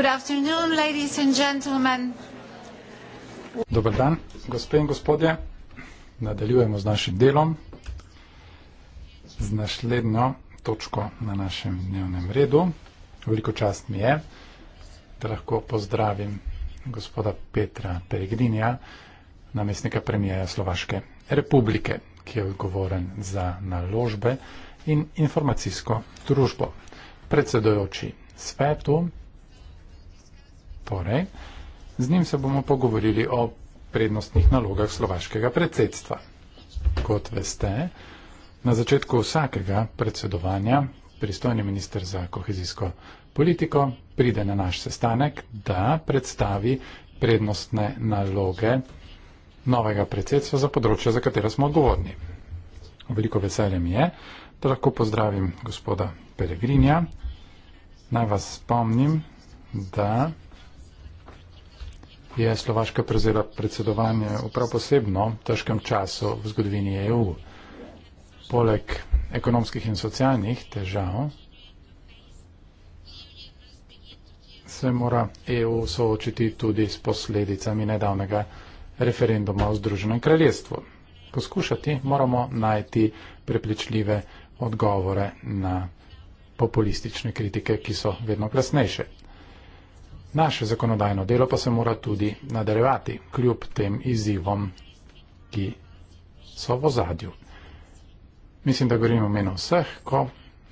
Good afternoon, ladies and gentlemen. Dober dan, gospe in gospodje. Nadaljujemo z našim delom. Z naslednjo točko na našem dnevnem redu. Veliko čast mi je, da lahko pozdravim gospoda Petra Peregrinija, namestnika premijeja Slovaške republike, ki je odgovoren za naložbe in informacijsko družbo. Predsedujoči svetu, torej, z njim se bomo pogovorili o prednostnih nalogah slovaškega predsedstva. Kot veste, na začetku vsakega predsedovanja pristojni minister za kohezijsko politiko pride na naš sestanek, da predstavi prednostne naloge novega predsedstva za področje, za katero smo odgovorni. Veliko veselje mi je, da lahko pozdravim gospoda Pelegrinja. Naj vas spomnim, da je Slovaška prevzela predsedovanje v prav posebno težkem času v zgodovini EU. Poleg ekonomskih in socialnih težav se mora EU soočiti tudi s posledicami nedavnega referenduma v Združenem kraljestvu. Poskušati moramo najti prepričljive odgovore na populistične kritike, ki so vedno glasnejše. Naše zakonodajno delo pa se mora tudi nadaljevati, kljub tem izzivom, ki so v ozadju. Mislim, da govorim o menu vseh, ko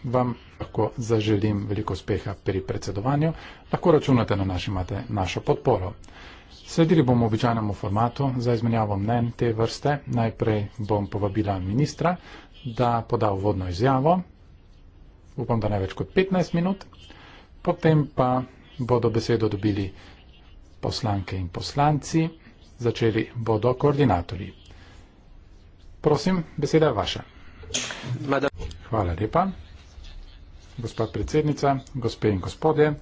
vam lahko zaželim veliko uspeha pri predsedovanju, lahko računate na naš, imate našo podporo. Sledili bomo običajnemu formatu za izmenjavo mnen te vrste. Najprej bom povabila ministra, da poda vodno izjavo. Upam, da ne več kot 15 minut. Potem pa bodo besedo dobili poslanke in poslanci, začeli bodo koordinatorji. Prosim, beseda je vaša. Hvala lepa. Gospod predsednica, gospe in gospodje,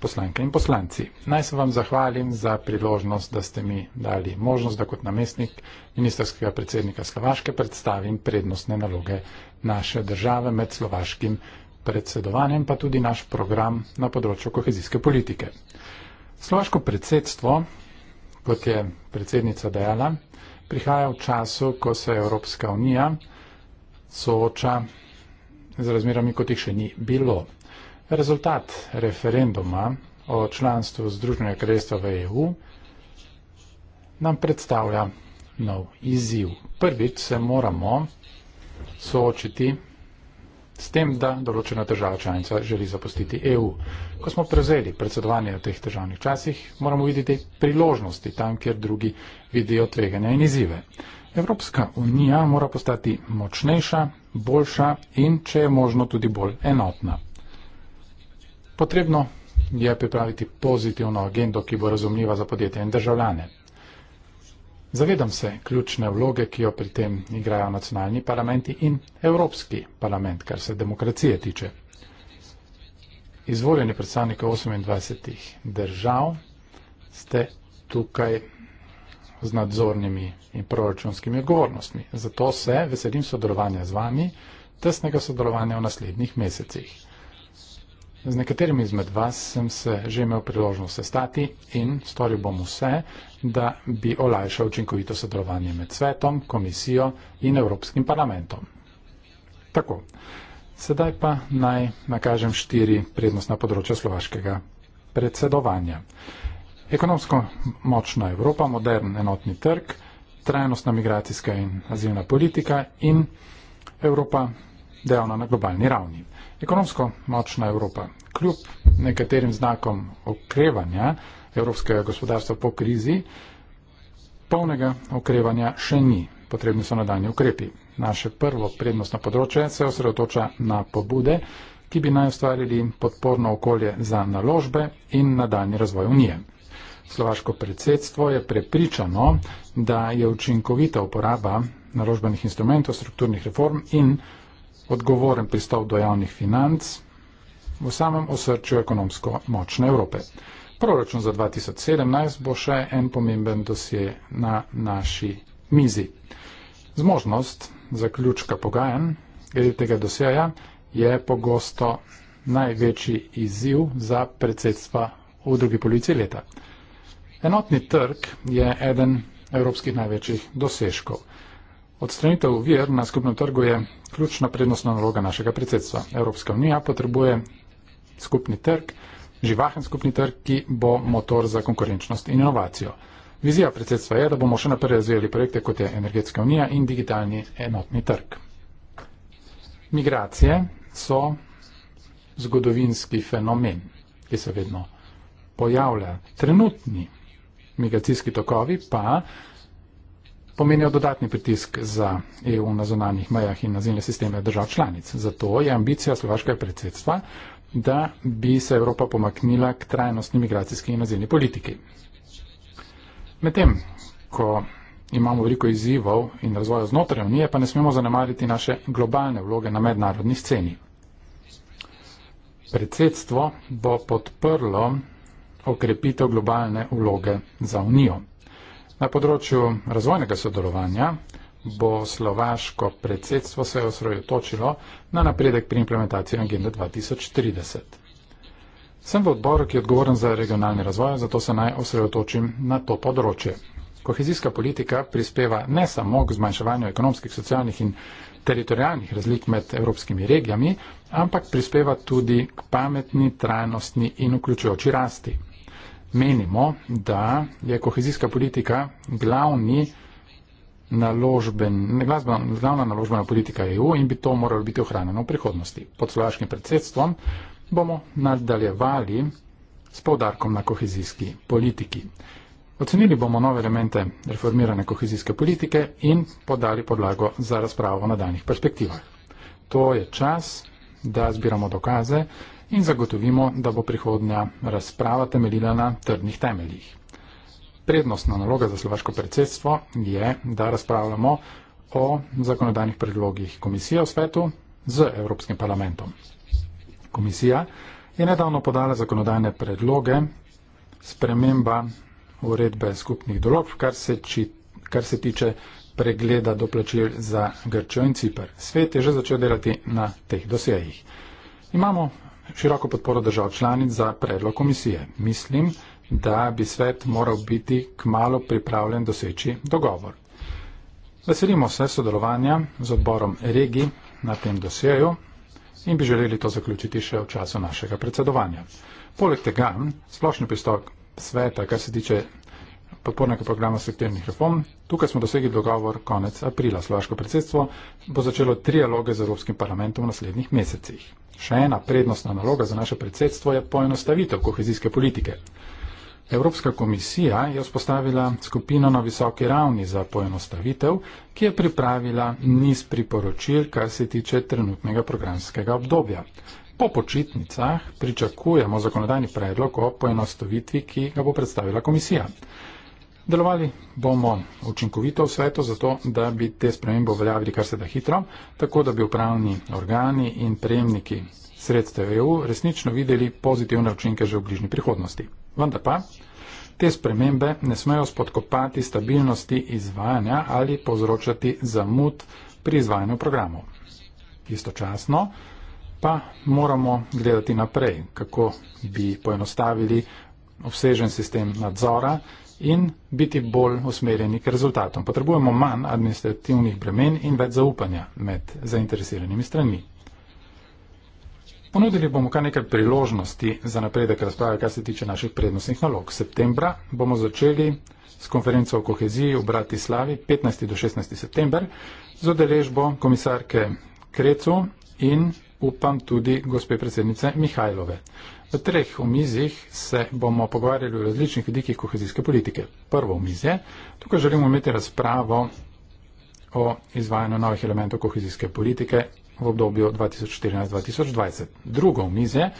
poslanke in poslanci. Naj se vam zahvalim za priložnost, da ste mi dali možnost, da kot namestnik ministerskega predsednika Slovaške predstavim prednostne naloge naše države med slovaškim predsedovanjem pa tudi naš program na področju kohezijske politike. Slovaško predsedstvo, kot je predsednica dejala, prihaja v času, ko se Evropska unija sooča z razmerami, kot jih še ni bilo. Rezultat referenduma o članstvu Združenega kraljestva v EU nam predstavlja nov izziv. Prvič se moramo soočiti s tem, da določena država članica želi zapustiti EU. Ko smo prevzeli predsedovanje v teh državnih časih, moramo videti priložnosti tam, kjer drugi vidijo tveganja in izzive. Evropska unija mora postati močnejša, boljša in, če je možno, tudi bolj enotna. Potrebno je pripraviti pozitivno agendo, ki bo razumljiva za podjetja in državljane. Zavedam se ključne vloge, ki jo pri tem igrajo nacionalni parlamenti in Evropski parlament, kar se demokracije tiče. Izvoljeni predstavniki 28 držav ste tukaj z nadzornimi in proračunskimi odgovornostmi. Zato se veselim sodelovanja z vami, tesnega sodelovanja v naslednjih mesecih. Z nekaterimi izmed vas sem se že imel priložnost sestati in storil bom vse, da bi olajšal učinkovito sodelovanje med svetom, komisijo in Evropskim parlamentom. Tako, sedaj pa naj nakažem štiri prednostna področja slovaškega predsedovanja. Ekonomsko močna Evropa, modern enotni trg, trajnostna migracijska in azilna politika in Evropa dejavna na globalni ravni. Ekonomsko močna Evropa, kljub nekaterim znakom okrevanja evropskega gospodarstva po krizi, polnega okrevanja še ni. Potrebni so nadaljni ukrepi. Naše prvo prednostno področje se osredotoča na pobude, ki bi naj ustvarili podporno okolje za naložbe in nadaljni razvoj unije. Slovaško predsedstvo je prepričano, da je učinkovita uporaba naložbenih instrumentov, strukturnih reform in odgovoren pristop do javnih financ v samem osrčju ekonomsko močne Evrope. Proračun za 2017 bo še en pomemben dosje na naši mizi. Zmožnost zaključka pogajanj glede tega dosjeja je pogosto največji izziv za predsedstva v drugi polovici leta. Enotni trg je eden evropskih največjih dosežkov. Odstranitev vir na skupnem trgu je ključna prednostna naloga našega predsedstva. Evropska unija potrebuje skupni trg, živahen skupni trg, ki bo motor za konkurenčnost in inovacijo. Vizija predsedstva je, da bomo še naprej razvijali projekte, kot je energetska unija in digitalni enotni trg. Migracije so zgodovinski fenomen, ki se vedno pojavlja. Trenutni migracijski tokovi pa pomenijo dodatni pritisk za EU na zonalnih mejah in na zemlje sisteme držav članic. Zato je ambicija slovaškega predsedstva, da bi se Evropa pomaknila k trajnostni migracijski in nazivni politiki. Medtem, ko imamo veliko izzivov in razvoja znotraj unije, pa ne smemo zanemariti naše globalne vloge na mednarodni sceni. Predsedstvo bo podprlo okrepitev globalne vloge za unijo. Na področju razvojnega sodelovanja bo slovaško predsedstvo se osredotočilo na napredek pri implementaciji agende 2030. Sem v odboru, ki je odgovoren za regionalni razvoj, zato se naj osredotočim na to področje. Kohezijska politika prispeva ne samo k zmanjševanju ekonomskih, socialnih in teritorijalnih razlik med evropskimi regijami, ampak prispeva tudi k pametni, trajnostni in vključujoči rasti. Menimo, da je kohezijska politika glavni naložben, glavna naložbena politika EU in bi to moralo biti ohranjeno v prihodnosti. Pod slovaškim predsedstvom bomo nadaljevali s povdarkom na kohezijski politiki. Ocenili bomo nove elemente reformirane kohezijske politike in podali podlago za razpravo o nadaljnih perspektivah. To je čas, da zbiramo dokaze, in zagotovimo, da bo prihodnja razprava temeljila na trdnih temeljih. Prednostna naloga za slovaško predsedstvo je, da razpravljamo o zakonodajnih predlogih komisije v svetu z Evropskim parlamentom. Komisija je nedavno podala zakonodajne predloge sprememba uredbe skupnih dolog, kar se, či, kar se tiče pregleda doplačil za Grčjo in Cipr. Svet je že začel delati na teh dosjejih. Imamo široko podporo držav članic za predlog komisije. Mislim, da bi svet moral biti kmalo pripravljen doseči dogovor. Veselimo se sodelovanja z odborom regi na tem dosjeju in bi želeli to zaključiti še v času našega predsedovanja. Poleg tega, splošni pristop sveta, kar se tiče podpornega programa sektornih reform, tukaj smo dosegli dogovor konec aprila. Slovaško predsedstvo bo začelo trialoge z Evropskim parlamentom v naslednjih mesecih. Še ena prednostna naloga za naše predsedstvo je poenostavitev kohezijske politike. Evropska komisija je vzpostavila skupino na visoki ravni za poenostavitev, ki je pripravila niz priporočil, kar se tiče trenutnega programskega obdobja. Po počitnicah pričakujemo zakonodajni predlog o poenostavitvi, ki ga bo predstavila komisija. Delovali bomo učinkovito v svetu, zato da bi te spremembe uveljavili kar se da hitro, tako da bi upravni organi in prejemniki sredstev EU resnično videli pozitivne učinke že v bližnji prihodnosti. Vendar pa te spremembe ne smejo spodkopati stabilnosti izvajanja ali povzročati zamud pri izvajanju programov. Istočasno pa moramo gledati naprej, kako bi poenostavili obsežen sistem nadzora in biti bolj usmerjeni k rezultatom. Potrebujemo manj administrativnih bremen in več zaupanja med zainteresiranimi strani. Ponudili bomo kar nekaj priložnosti za napredek razprave, kar se tiče naših prednostnih nalog. Septembra bomo začeli s konferenco o koheziji v Bratislavi 15. do 16. september z odeležbo komisarke Krecu in upam tudi gospe predsednice Mihajlove. V treh omizih se bomo pogovarjali o različnih vidikih kohezijske politike. Prvo omizje, tukaj želimo imeti razpravo o izvajanju novih elementov kohezijske politike v obdobju 2014-2020. Drugo omizje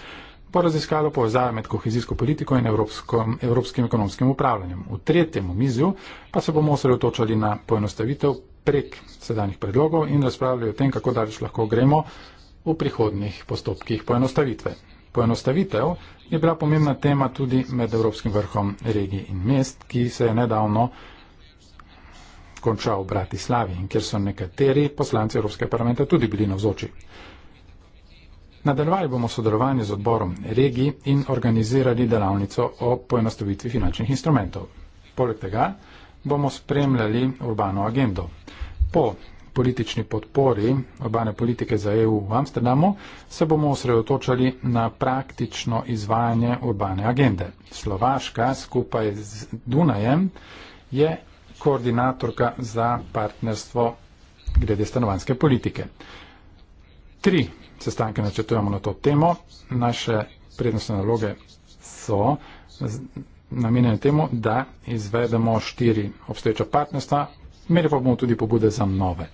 bo raziskalo povezave med kohezijsko politiko in evropskom, evropskim ekonomskim upravljanjem. V tretjem omizju pa se bomo osredotočali na poenostavitev prek sedanjih predlogov in razpravljali o tem, kako daleč lahko gremo v prihodnih postopkih poenostavitve. Poenostavitev je bila pomembna tema tudi med Evropskim vrhom regij in mest, ki se je nedavno končal v Bratislavi in kjer so nekateri poslanci Evropskega parlamenta tudi bili navzoči. Nadaljevali bomo sodelovanje z odborom regij in organizirali delavnico o poenostavitvi finančnih instrumentov. Poleg tega bomo spremljali urbano agendo. Po politični podpori obane politike za EU v Amsterdamu, se bomo osredotočali na praktično izvajanje urbane agende. Slovaška skupaj z Dunajem je koordinatorka za partnerstvo glede stanovanske politike. Tri sestanke načrtujemo na to temo. Naše prednostne naloge so namenjene temu, da izvedemo štiri obstoječa partnerstva, imeli pa bomo tudi pobude za nove.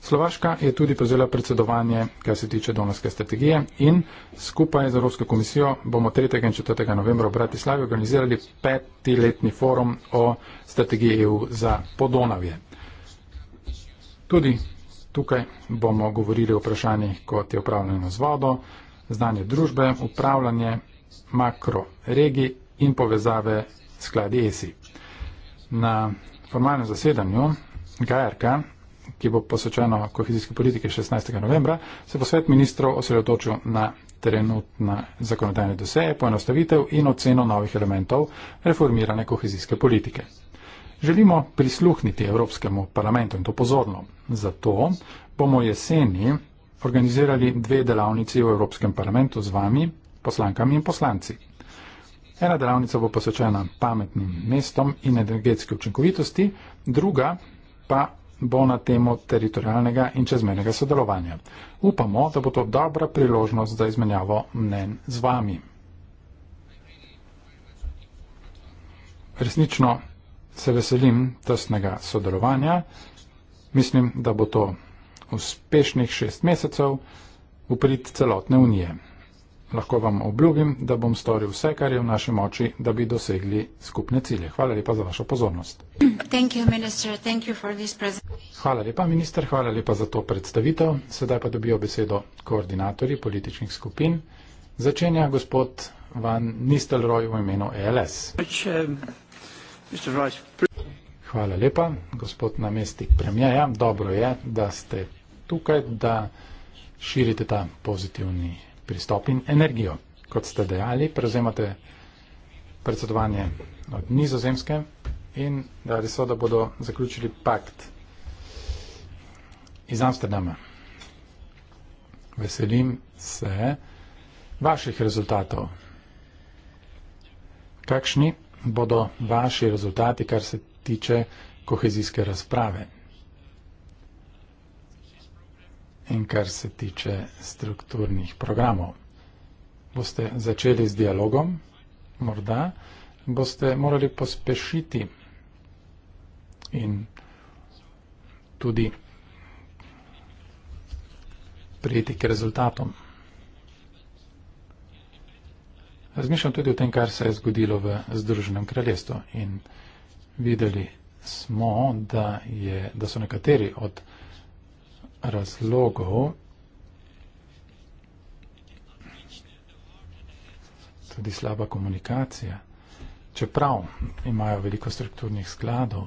Slovaška je tudi prevzela predsedovanje, kar se tiče donorske strategije in skupaj z Evropsko komisijo bomo 3. in 4. novembra v Bratislavi organizirali peti letni forum o strategiji EU za podonavje. Tudi tukaj bomo govorili o vprašanjih, kot je upravljanje z vodo, znanje družbe, upravljanje makroregij in povezave skladi ESI. Na formalnem zasedanju Gajarka ki bo posvečeno kohezijski politiki 16. novembra, se bo svet ministrov osredotočil na trenutne zakonodajne doseje, poenostavitev in oceno novih elementov reformirane kohezijske politike. Želimo prisluhniti Evropskemu parlamentu in to pozorno. Zato bomo jeseni organizirali dve delavnici v Evropskem parlamentu z vami, poslankami in poslanci. Ena delavnica bo posvečena pametnim mestom in energetski učinkovitosti, druga pa bo na temo teritorijalnega in čezmenega sodelovanja. Upamo, da bo to dobra priložnost za izmenjavo mnen z vami. Resnično se veselim tesnega sodelovanja. Mislim, da bo to uspešnih šest mesecev uprit celotne unije. Lahko vam obljubim, da bom storil vse, kar je v naši moči, da bi dosegli skupne cilje. Hvala lepa za vašo pozornost. You, hvala lepa, minister, hvala lepa za to predstavitev. Sedaj pa dobijo besedo koordinatorji političnih skupin. Začenja gospod Van Nistelrooy v imenu ELS. Hvala lepa, gospod namestnik premjeja. Dobro je, da ste tukaj, da širite ta pozitivni pristop in energijo. Kot ste dejali, prevzemate predsedovanje od nizozemske in dali so, da bodo zaključili pakt iz Amsterdama. Veselim se vaših rezultatov. Kakšni bodo vaši rezultati, kar se tiče kohezijske razprave? in kar se tiče strukturnih programov. Boste začeli s dialogom, morda boste morali pospešiti in tudi prijeti k rezultatom. Razmišljam tudi o tem, kar se je zgodilo v Združenem kraljestvu in videli smo, da, je, da so nekateri od razlogov, tudi slaba komunikacija, čeprav imajo veliko strukturnih skladov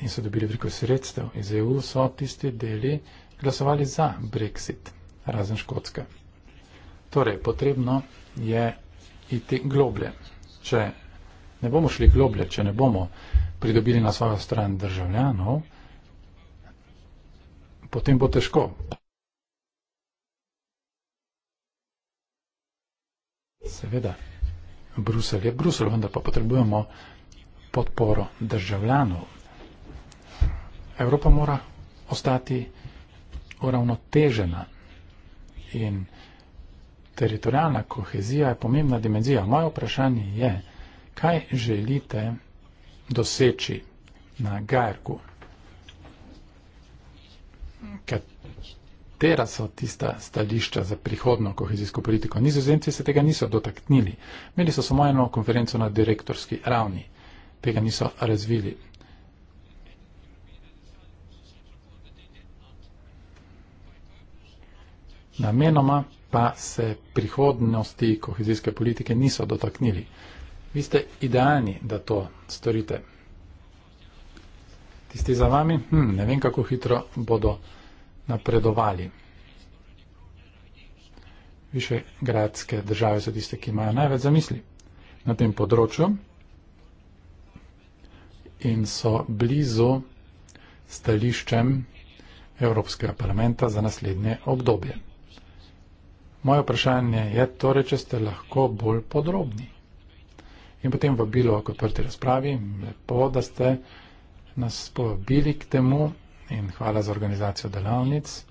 in so dobili veliko sredstev iz EU, so tisti deli glasovali za Brexit, razen Škotske. Torej, potrebno je iti globlje. Če ne bomo šli globlje, če ne bomo pridobili na svojo stran državljanov, potem bo težko. Seveda, Bruselj je Bruselj, vendar pa potrebujemo podporo državljanov. Evropa mora ostati uravnotežena in teritorijalna kohezija je pomembna dimenzija. Moje vprašanje je, kaj želite doseči na Gajrku katera so tista stališča za prihodno kohezijsko politiko. Nizozemci se tega niso dotaknili. Imeli so samo eno konferenco na direktorski ravni. Tega niso razvili. Namenoma pa se prihodnosti kohezijske politike niso dotaknili. Vi ste idealni, da to storite tisti za vami, hm, ne vem, kako hitro bodo napredovali. Višegradske države so tiste, ki imajo največ zamisli na tem področju in so blizu stališčem Evropskega parlamenta za naslednje obdobje. Moje vprašanje je torej, če ste lahko bolj podrobni. In potem vabilo, ko prti razpravi, lepo, da ste nas povabili k temu in hvala za organizacijo delavnic.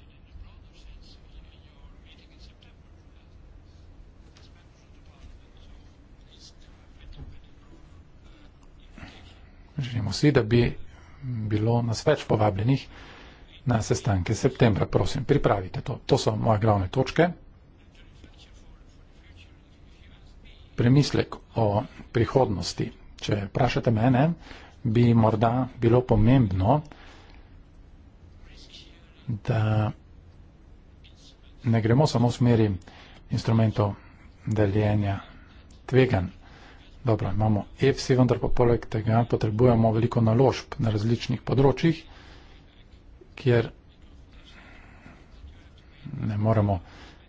Želimo si, da bi bilo nas več povabljenih na sestanke septembra. Prosim, pripravite to. To so moje glavne točke. Premislek o prihodnosti. Če vprašate mene, bi morda bilo pomembno, da ne gremo samo v smeri instrumentov deljenja tvegan. Dobro, imamo EFSI, vendar pa poleg tega potrebujemo veliko naložb na različnih področjih, kjer ne moremo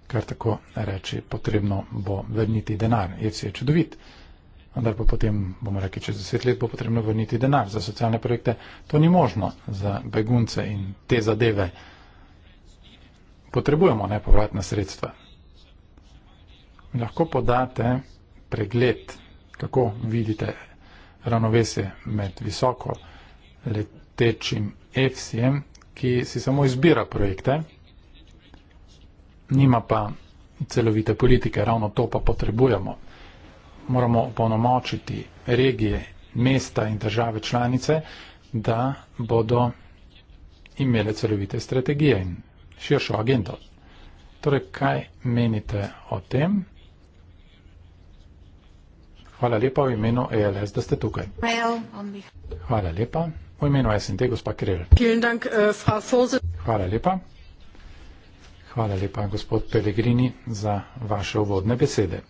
kar tako reči, potrebno bo vrniti denar. EFSI je čudovit vendar pa potem, bomo rekli, čez deset let bo potrebno vrniti denar za socialne projekte. To ni možno za begunce in te zadeve. Potrebujemo nepovratna sredstva. Lahko podate pregled, kako vidite ravnovesje med visoko letečim EFSI-jem, ki si samo izbira projekte, nima pa celovite politike, ravno to pa potrebujemo moramo opolnomočiti regije, mesta in države članice, da bodo imele celovite strategije in širšo agendo. Torej, kaj menite o tem? Hvala lepa v imenu ELS, da ste tukaj. Hvala lepa v imenu SND, gospa Kirill. Äh, Hvala lepa. Hvala lepa, gospod Pellegrini, za vaše uvodne besede.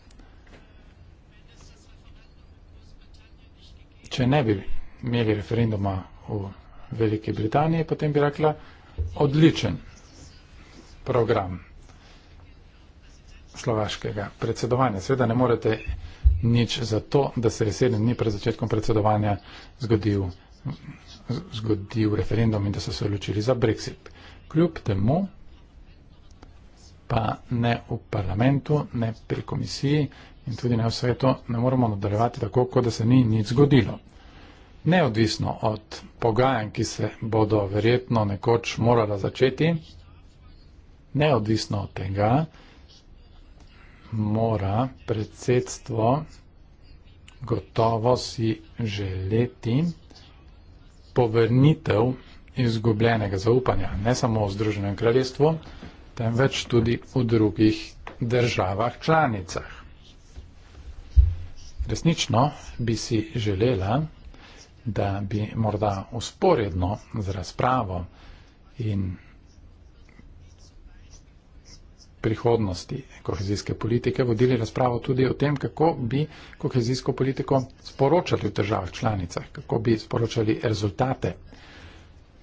če ne bi imeli referenduma v Veliki Britaniji, potem bi rekla odličen program slovaškega predsedovanja. Sveda ne morete nič za to, da se je sedem dni pred začetkom predsedovanja zgodil, zgodil referendum in da so se odločili za Brexit. Kljub temu pa ne v parlamentu, ne pri komisiji, in tudi na svetu ne moremo nadaljevati tako, kot da se ni nič zgodilo. Neodvisno od pogajanj, ki se bodo verjetno nekoč morala začeti, neodvisno od tega, mora predsedstvo gotovo si želeti povrnitev izgubljenega zaupanja, ne samo v Združenem kraljestvu, temveč tudi v drugih državah članicah. Resnično bi si želela, da bi morda usporedno z razpravo in prihodnosti kohezijske politike vodili razpravo tudi o tem, kako bi kohezijsko politiko sporočali v državah članicah, kako bi sporočali rezultate.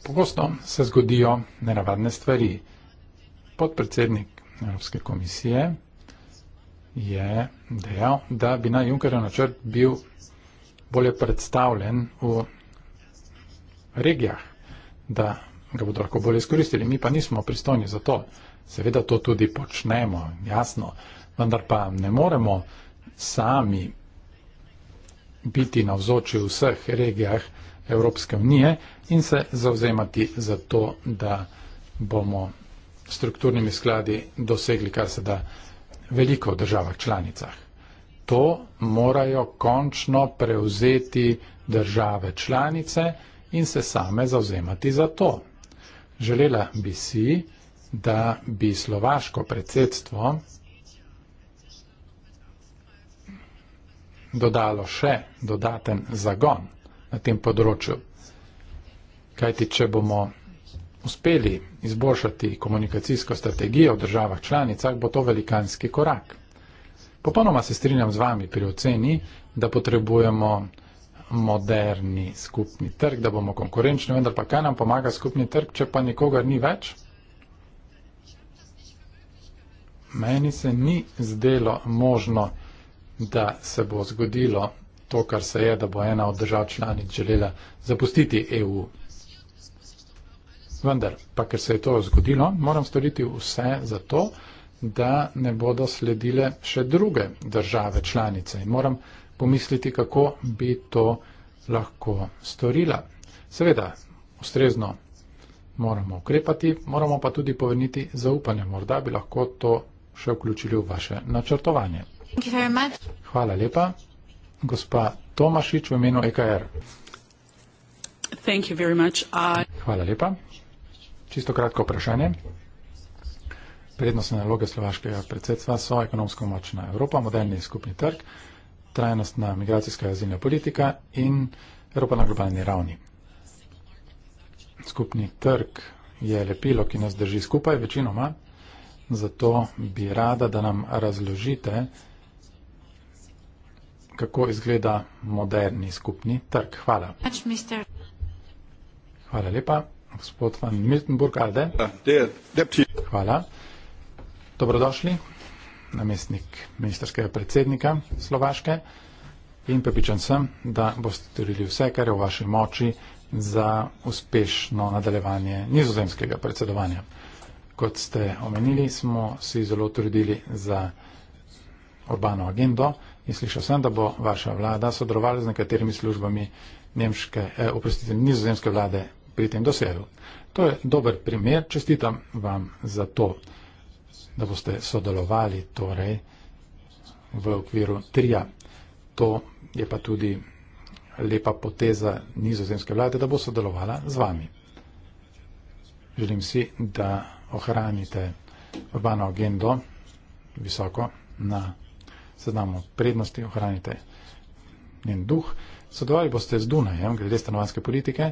Pogosto se zgodijo nenavadne stvari. Podpredsednik Evropske komisije je dejal, da bi naj Junkerjev načrt bil bolje predstavljen v regijah, da ga bodo lahko bolje izkoristili. Mi pa nismo pristojni za to. Seveda to tudi počnemo, jasno, vendar pa ne moremo sami biti navzoči v vseh regijah Evropske unije in se zauzemati za to, da bomo strukturnimi skladi dosegli kar se da veliko v državah članicah. To morajo končno prevzeti države članice in se same zauzemati za to. Želela bi si, da bi slovaško predsedstvo dodalo še dodaten zagon na tem področju. Kajti, če bomo uspeli izboljšati komunikacijsko strategijo v državah članicah, bo to velikanski korak. Popolnoma se strinjam z vami pri oceni, da potrebujemo moderni skupni trg, da bomo konkurenčni, vendar pa kaj nam pomaga skupni trg, če pa nikogar ni več? Meni se ni zdelo možno, da se bo zgodilo to, kar se je, da bo ena od držav članic želela zapustiti EU. Vendar pa, ker se je to zgodilo, moram storiti vse za to, da ne bodo sledile še druge države članice in moram pomisliti, kako bi to lahko storila. Seveda, ustrezno moramo ukrepati, moramo pa tudi povrniti zaupanje. Morda bi lahko to še vključili v vaše načrtovanje. Hvala lepa. Gospa Tomašič v imenu EKR. Hvala lepa. Čisto kratko vprašanje. Prednostne naloge slovaškega predsedstva so ekonomsko močna Evropa, moderni skupni trg, trajnostna migracijska azilna politika in Evropa na globalni ravni. Skupni trg je lepilo, ki nas drži skupaj večinoma, zato bi rada, da nam razložite, kako izgleda moderni skupni trg. Hvala. Hvala lepa gospod van Miltenburg, alde. Ja, Hvala. Dobrodošli, namestnik ministerskega predsednika Slovaške in prepričan sem, da boste storili vse, kar je v vaši moči za uspešno nadaljevanje nizozemskega predsedovanja. Kot ste omenili, smo si zelo trudili za urbano agendo in slišal sem, da bo vaša vlada sodelovala z nekaterimi službami nemške, eh, oprostite, nizozemske vlade pri tem dosegel. To je dober primer, čestitam vam za to, da boste sodelovali torej v okviru trija. To je pa tudi lepa poteza nizozemske vlade, da bo sodelovala z vami. Želim si, da ohranite urbano agendo visoko na seznamu prednosti, ohranite njen duh. Sodelovali boste z Dunajem, glede stanovanske politike,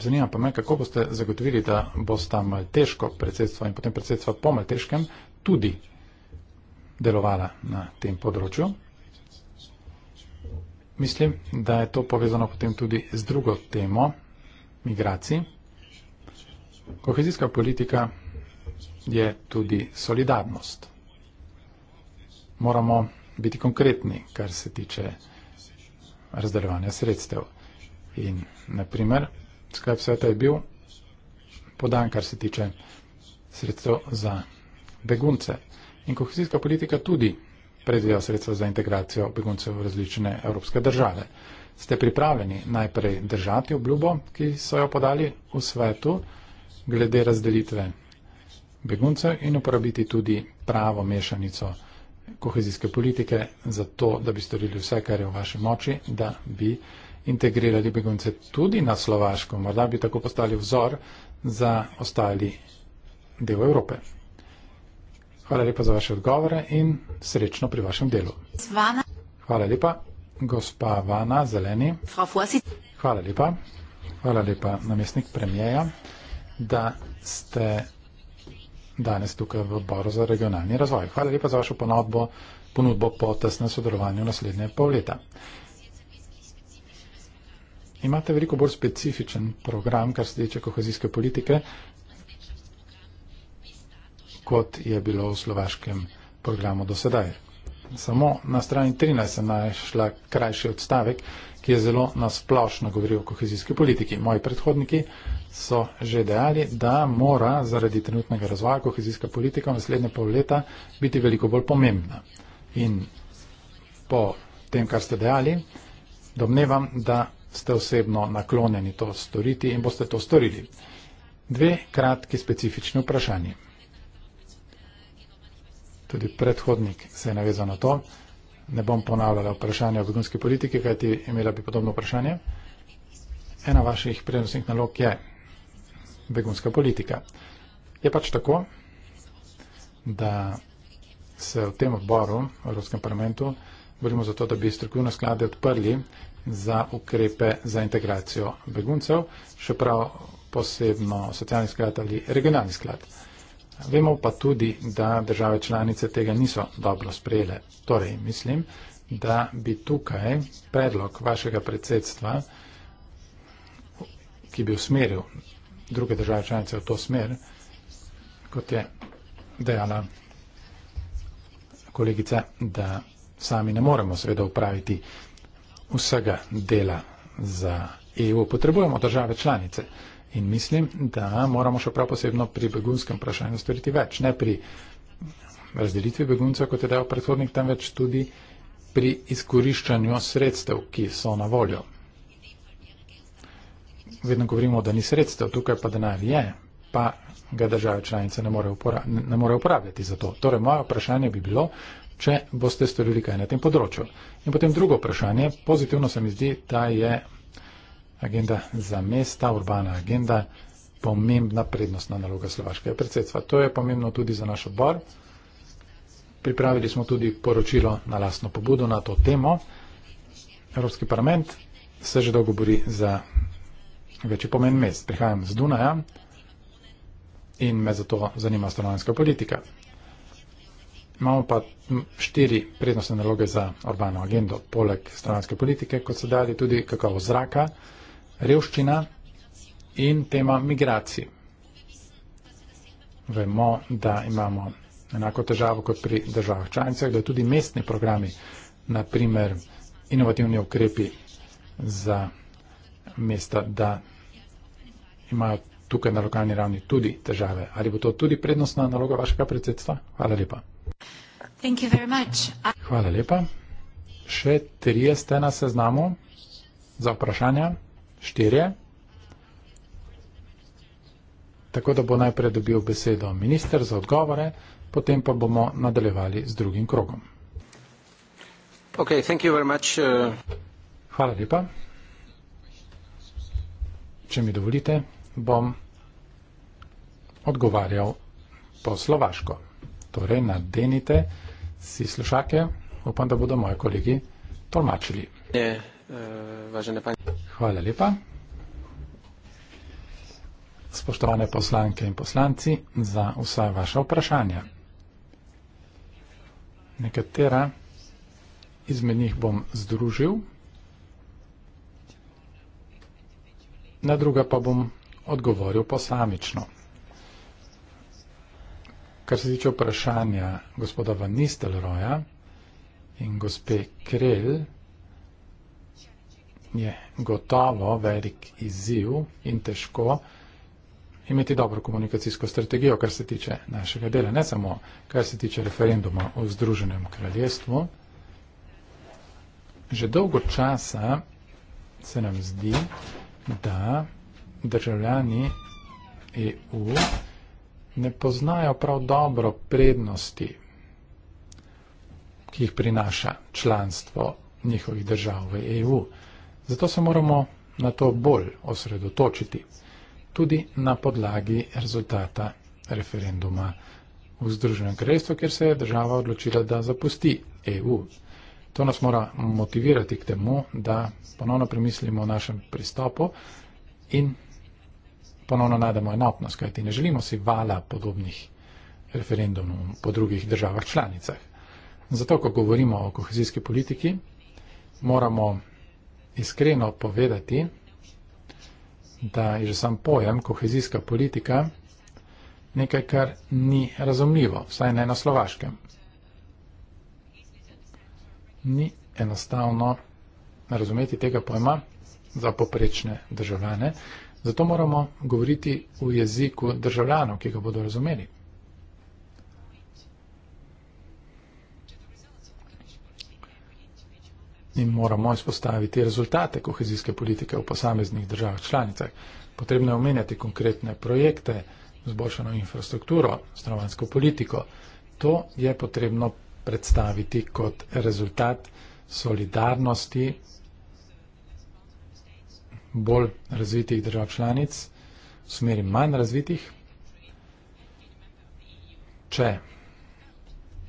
Zanima pa me, kako boste zagotovili, da bosta malteško predsedstvo in potem predsedstvo po malteškem tudi delovala na tem področju. Mislim, da je to povezano potem tudi z drugo temo, migraciji. Kohezijska politika je tudi solidarnost. Moramo biti konkretni, kar se tiče razdeljevanja sredstev. In, naprimer, sklep sveta je bil podan, kar se tiče sredstev za begunce. In kohezijska politika tudi predvideva sredstva za integracijo beguncev v različne evropske države. Ste pripravljeni najprej držati obljubo, ki so jo podali v svetu glede razdelitve beguncev in uporabiti tudi pravo mešanico kohezijske politike za to, da bi storili vse, kar je v vaši moči, da bi integrirali begunce tudi na Slovaško, morda bi tako postali vzor za ostali del Evrope. Hvala lepa za vaše odgovore in srečno pri vašem delu. Hvala lepa, gospa Vana Zeleni. Hvala lepa, hvala lepa, namestnik premijeja, da ste danes tukaj v Boru za regionalni razvoj. Hvala lepa za vašo ponudbo, ponudbo po tesnem sodelovanju naslednje pol leta imate veliko bolj specifičen program, kar se tiče kohezijske politike, kot je bilo v slovaškem programu do sedaj. Samo na strani 13 sem našla krajši odstavek, ki je zelo nasplošno govoril o kohezijski politiki. Moji predhodniki so že dejali, da mora zaradi trenutnega razvoja kohezijska politika v naslednje pol leta biti veliko bolj pomembna. In po tem, kar ste dejali, domnevam, da ste osebno naklonjeni to storiti in boste to storili. Dve kratki specifični vprašanji. Tudi predhodnik se je navezal na to. Ne bom ponavljala vprašanja o begunski politiki, kajti imela bi podobno vprašanje. Ena vaših prednostnih nalog je begunska politika. Je pač tako, da se v tem odboru v Evropskem parlamentu borimo za to, da bi strukturne sklade odprli za ukrepe za integracijo beguncev, še prav posebno socialni sklad ali regionalni sklad. Vemo pa tudi, da države članice tega niso dobro sprejele. Torej, mislim, da bi tukaj predlog vašega predsedstva, ki bi usmeril druge države članice v to smer, kot je dejala kolegica, da sami ne moremo seveda upraviti vsega dela za EU potrebujemo države članice. In mislim, da moramo še prav posebno pri begunskem vprašanju storiti več. Ne pri razdelitvi beguncev, kot je dejal predhodnik, temveč tudi pri izkoriščanju sredstev, ki so na voljo. Vedno govorimo, da ni sredstev, tukaj pa denar je, pa ga države članice ne morejo upra more uporabljati za to. Torej, moje vprašanje bi bilo, če boste storili kaj na tem področju. In potem drugo vprašanje. Pozitivno se mi zdi, da je agenda za mesta, urbana agenda, pomembna prednostna naloga slovaškega predsedstva. To je pomembno tudi za naš odbor. Pripravili smo tudi poročilo na lastno pobudo na to temo. Evropski parlament se že dolgo bori za večji pomen mest. Prihajam z Dunaja in me zato zanima stanovanska politika. Imamo pa štiri prednostne naloge za urbano agendo. Poleg stranske politike, kot so dali, tudi kakovo zraka, revščina in tema migracij. Vemo, da imamo enako težavo kot pri državah članicah, da tudi mestni programi, naprimer inovativni ukrepi za mesta, da imajo tukaj na lokalni ravni tudi težave. Ali bo to tudi prednostna naloga vašega predsedstva? Hvala lepa. Hvala lepa. Še trije ste na seznamu za vprašanja, štirje. Tako da bo najprej dobil besedo minister za odgovore, potem pa bomo nadaljevali z drugim krogom. Okay, thank you very much. Uh... Hvala lepa. Če mi dovolite, bom odgovarjal po slovaško. Torej, nadenite si slušalke, upam, da bodo moji kolegi tolmačili. Je, uh, eh, Hvala lepa. Spoštovane poslanke in poslanci, za vsa vaša vprašanja. Nekatera izmed njih bom združil, na druga pa bom odgovoril posamično. Kar se tiče vprašanja gospoda Van Nistelroja in gospe Krel, je gotovo velik izziv in težko imeti dobro komunikacijsko strategijo, kar se tiče našega dela. Ne samo, kar se tiče referenduma o Združenem kraljestvu. Že dolgo časa se nam zdi, da državljani EU ne poznajo prav dobro prednosti, ki jih prinaša članstvo njihovih držav v EU. Zato se moramo na to bolj osredotočiti, tudi na podlagi rezultata referenduma v Združenem kraljestvu, kjer se je država odločila, da zapusti EU. To nas mora motivirati k temu, da ponovno premislimo o našem pristopu in ponovno najdemo enotnost, kajti ne želimo si vala podobnih referendumov po drugih državah članicah. Zato, ko govorimo o kohezijski politiki, moramo iskreno povedati, da je že sam pojem kohezijska politika nekaj, kar ni razumljivo, vsaj ne na slovaškem. Ni enostavno razumeti tega pojma za poprečne državljane, Zato moramo govoriti v jeziku državljanov, ki ga bodo razumeli. In moramo izpostaviti rezultate kohezijske politike v posameznih državah članicah. Potrebno je omenjati konkretne projekte, zboljšano infrastrukturo, stravansko politiko. To je potrebno predstaviti kot rezultat solidarnosti bolj razvitih držav članic v smeri manj razvitih. Če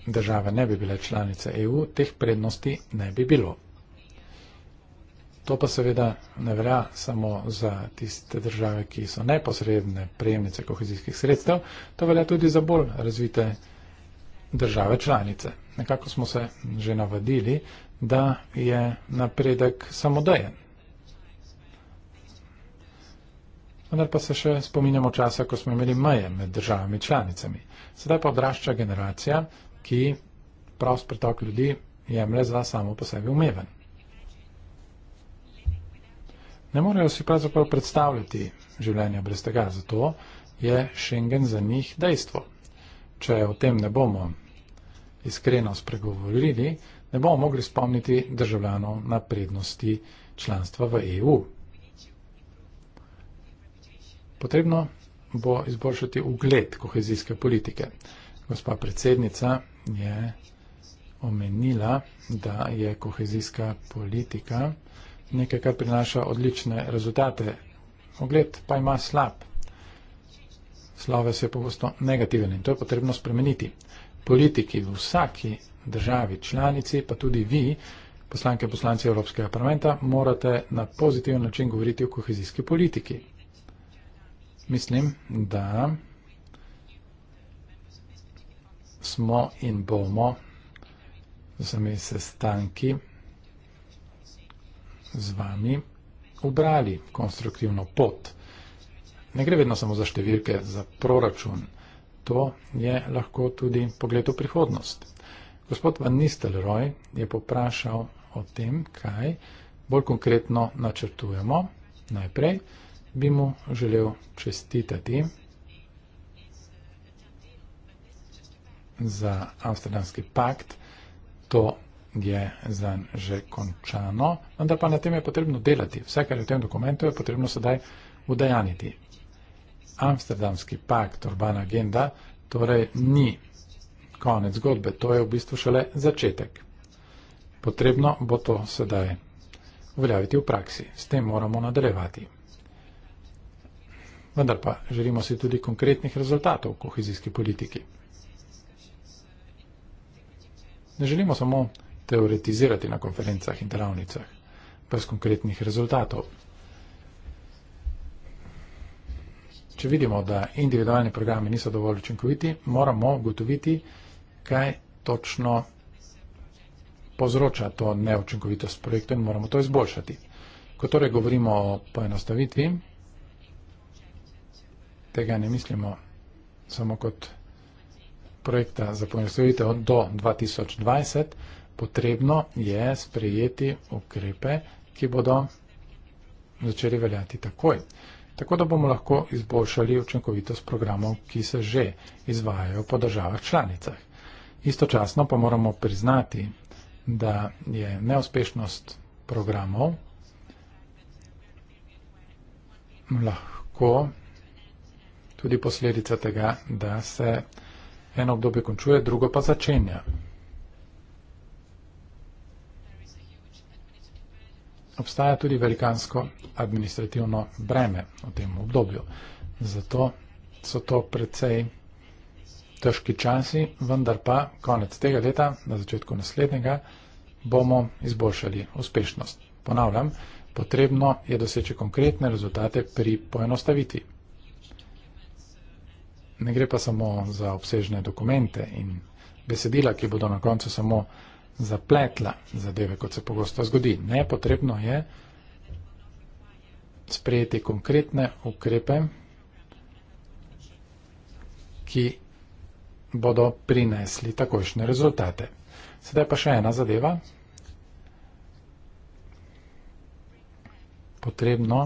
države ne bi bile članice EU, teh prednosti ne bi bilo. To pa seveda ne verja samo za tiste države, ki so neposredne prejemnice kohezijskih sredstev, to velja tudi za bolj razvite države članice. Nekako smo se že navadili, da je napredek samodejen. vendar pa se še spominjamo časa, ko smo imeli meje med državami članicami. Sedaj pa odrašča generacija, ki prost pretok ljudi jemlje za samo po sebi umeven. Ne morejo si pravzaprav predstavljati življenja brez tega, zato je Schengen za njih dejstvo. Če o tem ne bomo iskreno spregovorili, ne bomo mogli spomniti državljanov na prednosti članstva v EU. Potrebno bo izboljšati ugled kohezijske politike. Gospa predsednica je omenila, da je kohezijska politika nekaj, kar prinaša odlične rezultate. Ogled pa ima slab. Sloves je pogosto negativen in to je potrebno spremeniti. Politiki v vsaki državi članici, pa tudi vi, poslanke poslanci Evropskega parlamenta, morate na pozitiven način govoriti o kohezijski politiki mislim, da smo in bomo z vsemi sestanki z vami ubrali konstruktivno pot. Ne gre vedno samo za številke, za proračun. To je lahko tudi pogled v prihodnost. Gospod Van Nistelrooy je poprašal o tem, kaj bolj konkretno načrtujemo najprej bi mu želel čestitati za Amsterdamski pakt. To je za že končano, vendar pa na tem je potrebno delati. Vse, kar je v tem dokumentu, je potrebno sedaj udajaniti. Amsterdamski pakt, urbana agenda, torej ni konec zgodbe, to je v bistvu šele začetek. Potrebno bo to sedaj uveljaviti v praksi. S tem moramo nadaljevati vendar pa želimo si tudi konkretnih rezultatov v kohezijski politiki. Ne želimo samo teoretizirati na konferencah in delavnicah, brez konkretnih rezultatov. Če vidimo, da individualni programi niso dovolj učinkoviti, moramo ugotoviti, kaj točno povzroča to neučinkovitost projektov in moramo to izboljšati. Ko torej govorimo o poenostavitvi, tega ne mislimo samo kot projekta za poenostavitev do 2020, potrebno je sprejeti ukrepe, ki bodo začeli veljati takoj. Tako da bomo lahko izboljšali učinkovitost programov, ki se že izvajajo po državah članicah. Istočasno pa moramo priznati, da je neuspešnost programov lahko tudi posledica tega, da se eno obdobje končuje, drugo pa začenja. Obstaja tudi velikansko administrativno breme v tem obdobju. Zato so to precej težki časi, vendar pa konec tega leta, na začetku naslednjega, bomo izboljšali uspešnost. Ponavljam, potrebno je doseči konkretne rezultate pri poenostavitvi ne gre pa samo za obsežne dokumente in besedila, ki bodo na koncu samo zapletla zadeve, kot se pogosto zgodi. Ne, potrebno je sprejeti konkretne ukrepe, ki bodo prinesli takošne rezultate. Sedaj pa še ena zadeva. Potrebno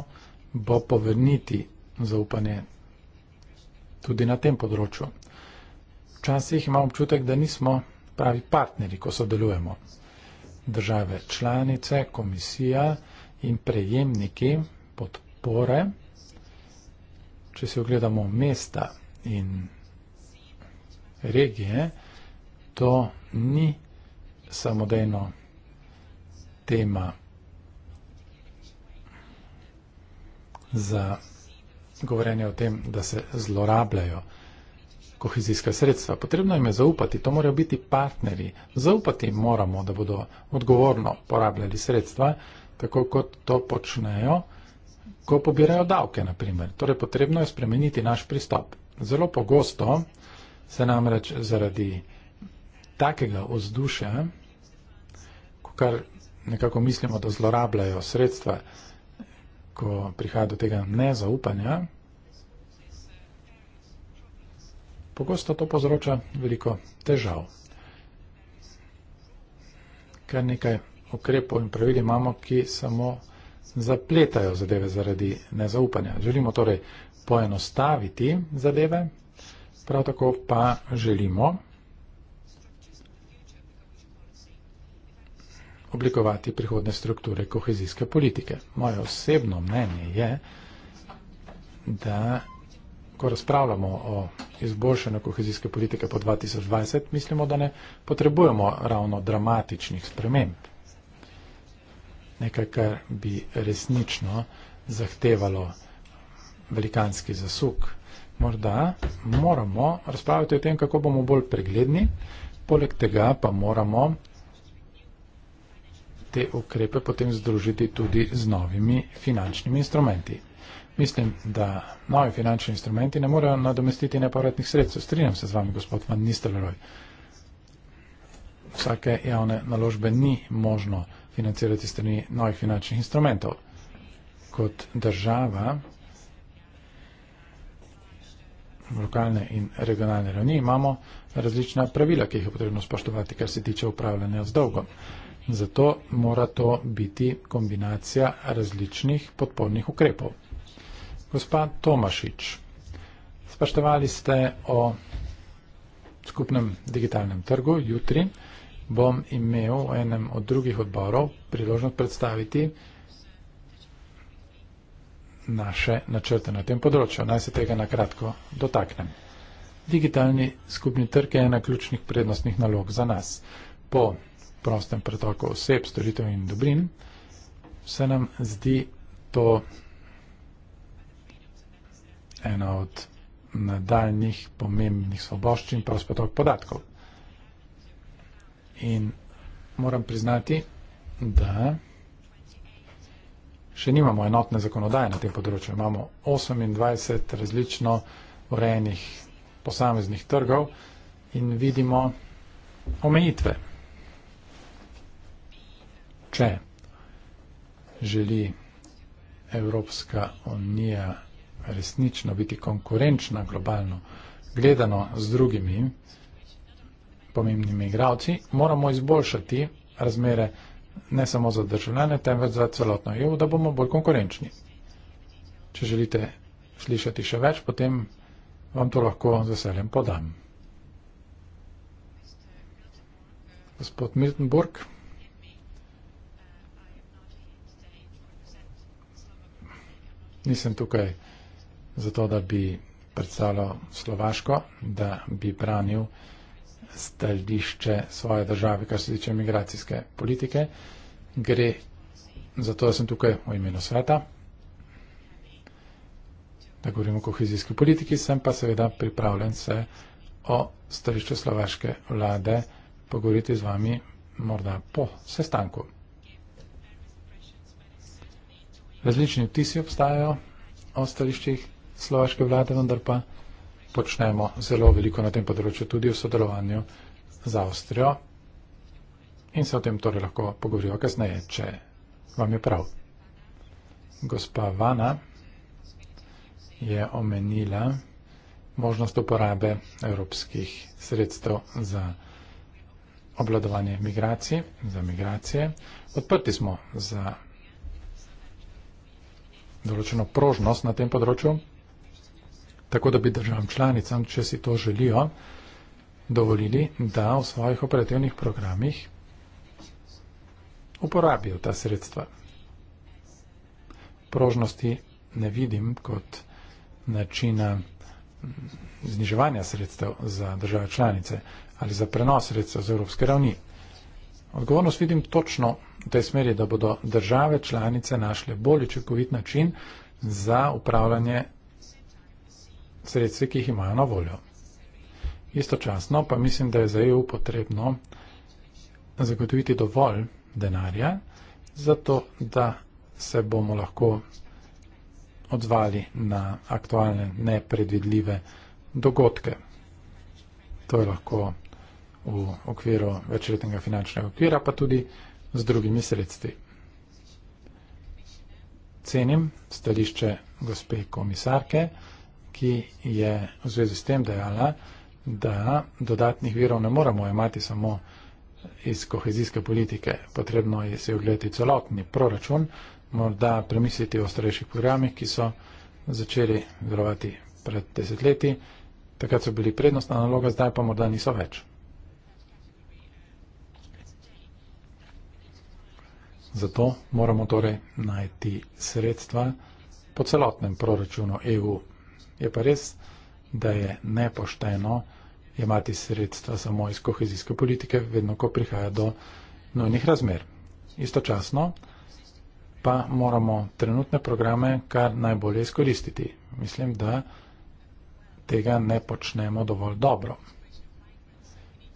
bo povrniti zaupanje tudi na tem področju. Včasih imam občutek, da nismo pravi partneri, ko sodelujemo. Države članice, komisija in prejemniki podpore, če se ogledamo mesta in regije, to ni samodejno tema za govorjenje o tem, da se zlorabljajo kohezijska sredstva. Potrebno jim je zaupati, to morajo biti partnerji. Zaupati moramo, da bodo odgovorno porabljali sredstva, tako kot to počnejo, ko pobirajo davke, naprimer. Torej, potrebno je spremeniti naš pristop. Zelo pogosto se namreč zaradi takega vzdušja, kar nekako mislimo, da zlorabljajo sredstva, ko prihaja do tega nezaupanja, pogosto to povzroča veliko težav. Kar nekaj okrepov in pravil imamo, ki samo zapletajo zadeve zaradi nezaupanja. Želimo torej poenostaviti zadeve, prav tako pa želimo oblikovati prihodne strukture kohezijske politike. Moje osebno mnenje je, da ko razpravljamo o izboljšanju kohezijske politike po 2020, mislimo, da ne potrebujemo ravno dramatičnih sprememb. Nekaj, kar bi resnično zahtevalo velikanski zasuk. Morda moramo razpravljati o tem, kako bomo bolj pregledni, poleg tega pa moramo te ukrepe potem združiti tudi z novimi finančnimi instrumenti. Mislim, da novi finančni instrumenti ne morejo nadomestiti nepovratnih sredstev. Strinjam se z vami, gospod Van Nistelrooy. Vsake javne naložbe ni možno financirati strani novih finančnih instrumentov. Kot država, lokalne in regionalne ravni, imamo različna pravila, ki jih je potrebno spoštovati, kar se tiče upravljanja z dolgom. Zato mora to biti kombinacija različnih podpornih ukrepov. Gospa Tomašič, spraševali ste o skupnem digitalnem trgu. Jutri bom imel v enem od drugih odborov priložnost predstaviti naše načrte na tem področju. Naj se tega nakratko dotaknem. Digitalni skupni trg je ena ključnih prednostnih nalog za nas. Po prostem pretoku oseb, storitev in dobrin, se nam zdi to ena od nadaljnih pomembnih svoboščin, prost pretok podatkov. In moram priznati, da še nimamo enotne zakonodaje na tem področju. Imamo 28 različno urejenih posameznih trgov in vidimo omejitve če želi Evropska unija resnično biti konkurenčna globalno gledano z drugimi pomembnimi igravci, moramo izboljšati razmere ne samo za državljane, temveč za celotno EU, da bomo bolj konkurenčni. Če želite slišati še več, potem vam to lahko z veseljem podam. Gospod Miltenburg. Nisem tukaj zato, da bi predstavljal Slovaško, da bi branil stališče svoje države, kar se tiče migracijske politike. Gre za to, da sem tukaj v imenu sveta, da govorim o kohezijski politiki, sem pa seveda pripravljen se o stališču slovaške vlade pogovoriti z vami morda po sestanku. Različni vtisi obstajajo o stališčih slovaške vlade, vendar pa počnemo zelo veliko na tem področju tudi v sodelovanju z Avstrijo in se o tem torej lahko pogovorimo kasneje, če vam je prav. Gospa Vana je omenila možnost uporabe evropskih sredstev za obladovanje migracij, za migracije. Odprti smo za migracije določeno prožnost na tem področju, tako da bi državam članicam, če si to želijo, dovolili, da v svojih operativnih programih uporabijo ta sredstva. Prožnosti ne vidim kot načina zniževanja sredstev za države članice ali za prenos sredstev z evropske ravni. Odgovornost vidim točno v tej smeri, da bodo države članice našle bolj učinkovit način za upravljanje sredstvi, ki jih imajo na voljo. Istočasno pa mislim, da je za EU potrebno zagotoviti dovolj denarja, zato da se bomo lahko odzvali na aktualne nepredvidljive dogodke. To je lahko v okviru večletnega finančnega okvira, pa tudi z drugimi sredstvi. Cenim stališče gospe komisarke, ki je v zvezi s tem dejala, da dodatnih virov ne moramo imati samo iz kohezijske politike. Potrebno je si ogledati celotni proračun, morda premisliti o starejših programih, ki so začeli verovati pred desetletji. Takrat so bili prednostna naloga, zdaj pa morda niso več. Zato moramo torej najti sredstva po celotnem proračunu EU. Je pa res, da je nepošteno imati sredstva samo iz kohezijske politike, vedno ko prihaja do nujnih razmer. Istočasno pa moramo trenutne programe kar najbolje izkoristiti. Mislim, da tega ne počnemo dovolj dobro.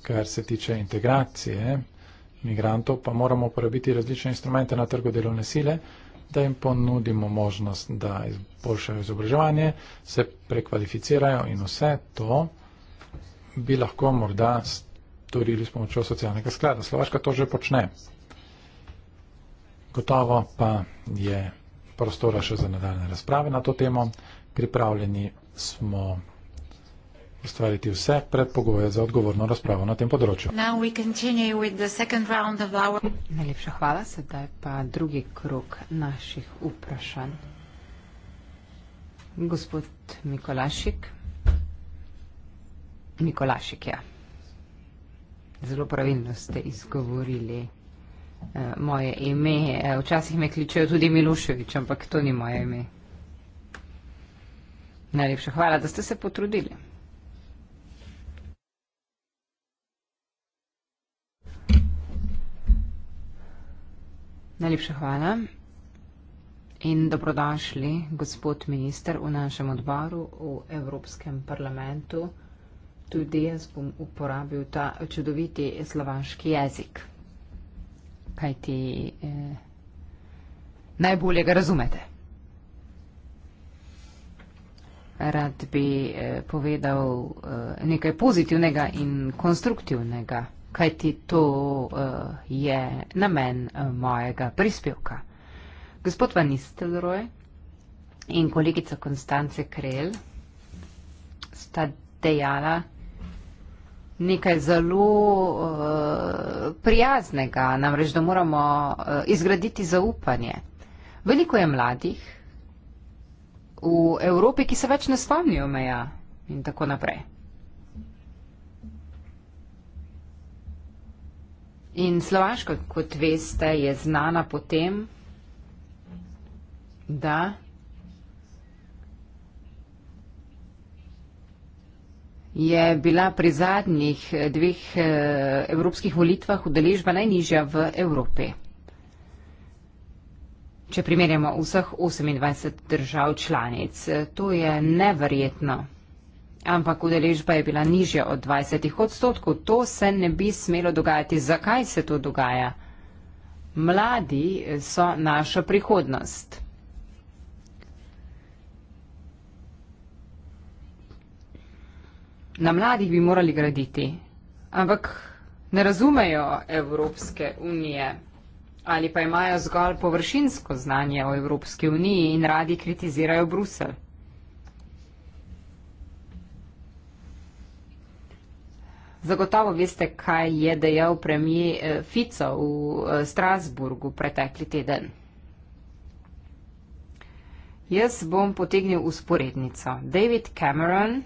Kar se tiče integracije, migrantov, pa moramo uporabiti različne instrumente na trgu delovne sile, da jim ponudimo možnost, da izboljšajo izobraževanje, se prekvalificirajo in vse to bi lahko morda storili s pomočjo socialnega sklada. Slovaška to že počne. Gotovo pa je prostora še za nadaljne razprave na to temo. Pripravljeni smo ustvariti vse predpogoje za odgovorno razpravo na tem področju. Najlepša hvala, sedaj pa drugi krok naših vprašanj. Gospod Mikolašik. Mikolašik, ja. Zelo pravilno ste izgovorili eh, moje ime. Eh, včasih me kličejo tudi Miloševič, ampak to ni moje ime. Najlepša hvala, da ste se potrudili. Najlepša hvala in dobrodošli, gospod minister, v našem odboru v Evropskem parlamentu. Tudi jaz bom uporabil ta čudoviti slovaški jezik, kaj ti eh, najbolje ga razumete. Rad bi eh, povedal eh, nekaj pozitivnega in konstruktivnega kajti to uh, je namen uh, mojega prispevka. Gospod Van Nistelrooy in kolegica Konstance Krel sta dejala nekaj zelo uh, prijaznega, namreč da moramo uh, izgraditi zaupanje. Veliko je mladih v Evropi, ki se več ne spomnijo meja in tako naprej. In Slovaška, kot veste, je znana potem, da je bila pri zadnjih dveh eh, evropskih volitvah udeležba najnižja v Evropi. Če primerjamo vseh 28 držav članic, eh, to je neverjetno ampak udeležba je bila nižja od 20 odstotkov. To se ne bi smelo dogajati. Zakaj se to dogaja? Mladi so naša prihodnost. Na mladih bi morali graditi, ampak ne razumejo Evropske unije ali pa imajo zgolj površinsko znanje o Evropski uniji in radi kritizirajo Bruselj. Zagotovo veste, kaj je dejal premijer eh, Fico v eh, Strasburgu pretekli teden. Jaz bom potegnil usporednico. David Cameron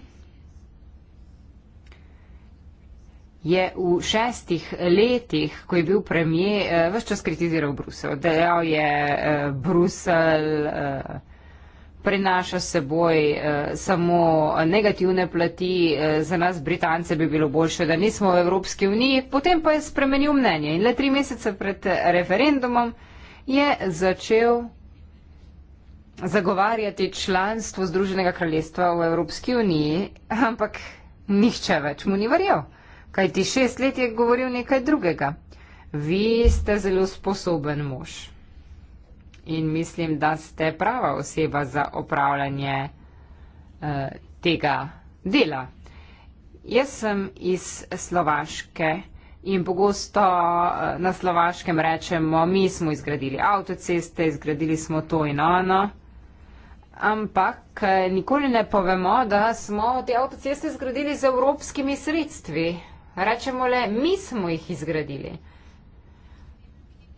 je v šestih letih, ko je bil premijer, eh, vse čas kritiziral Brusel. Dejal je Brusel. Uh, prinaša seboj eh, samo negativne plati, eh, za nas Britance bi bilo boljše, da nismo v Evropski uniji, potem pa je spremenil mnenje in le tri mesece pred referendumom je začel zagovarjati članstvo Združenega kraljestva v Evropski uniji, ampak nihče več mu ni verjel, kajti šest let je govoril nekaj drugega. Vi ste zelo sposoben mož in mislim, da ste prava oseba za opravljanje eh, tega dela. Jaz sem iz Slovaške in pogosto eh, na Slovaškem rečemo, mi smo izgradili avtoceste, izgradili smo to in ono, ampak eh, nikoli ne povemo, da smo te avtoceste zgradili z evropskimi sredstvi. Rečemo le, mi smo jih izgradili.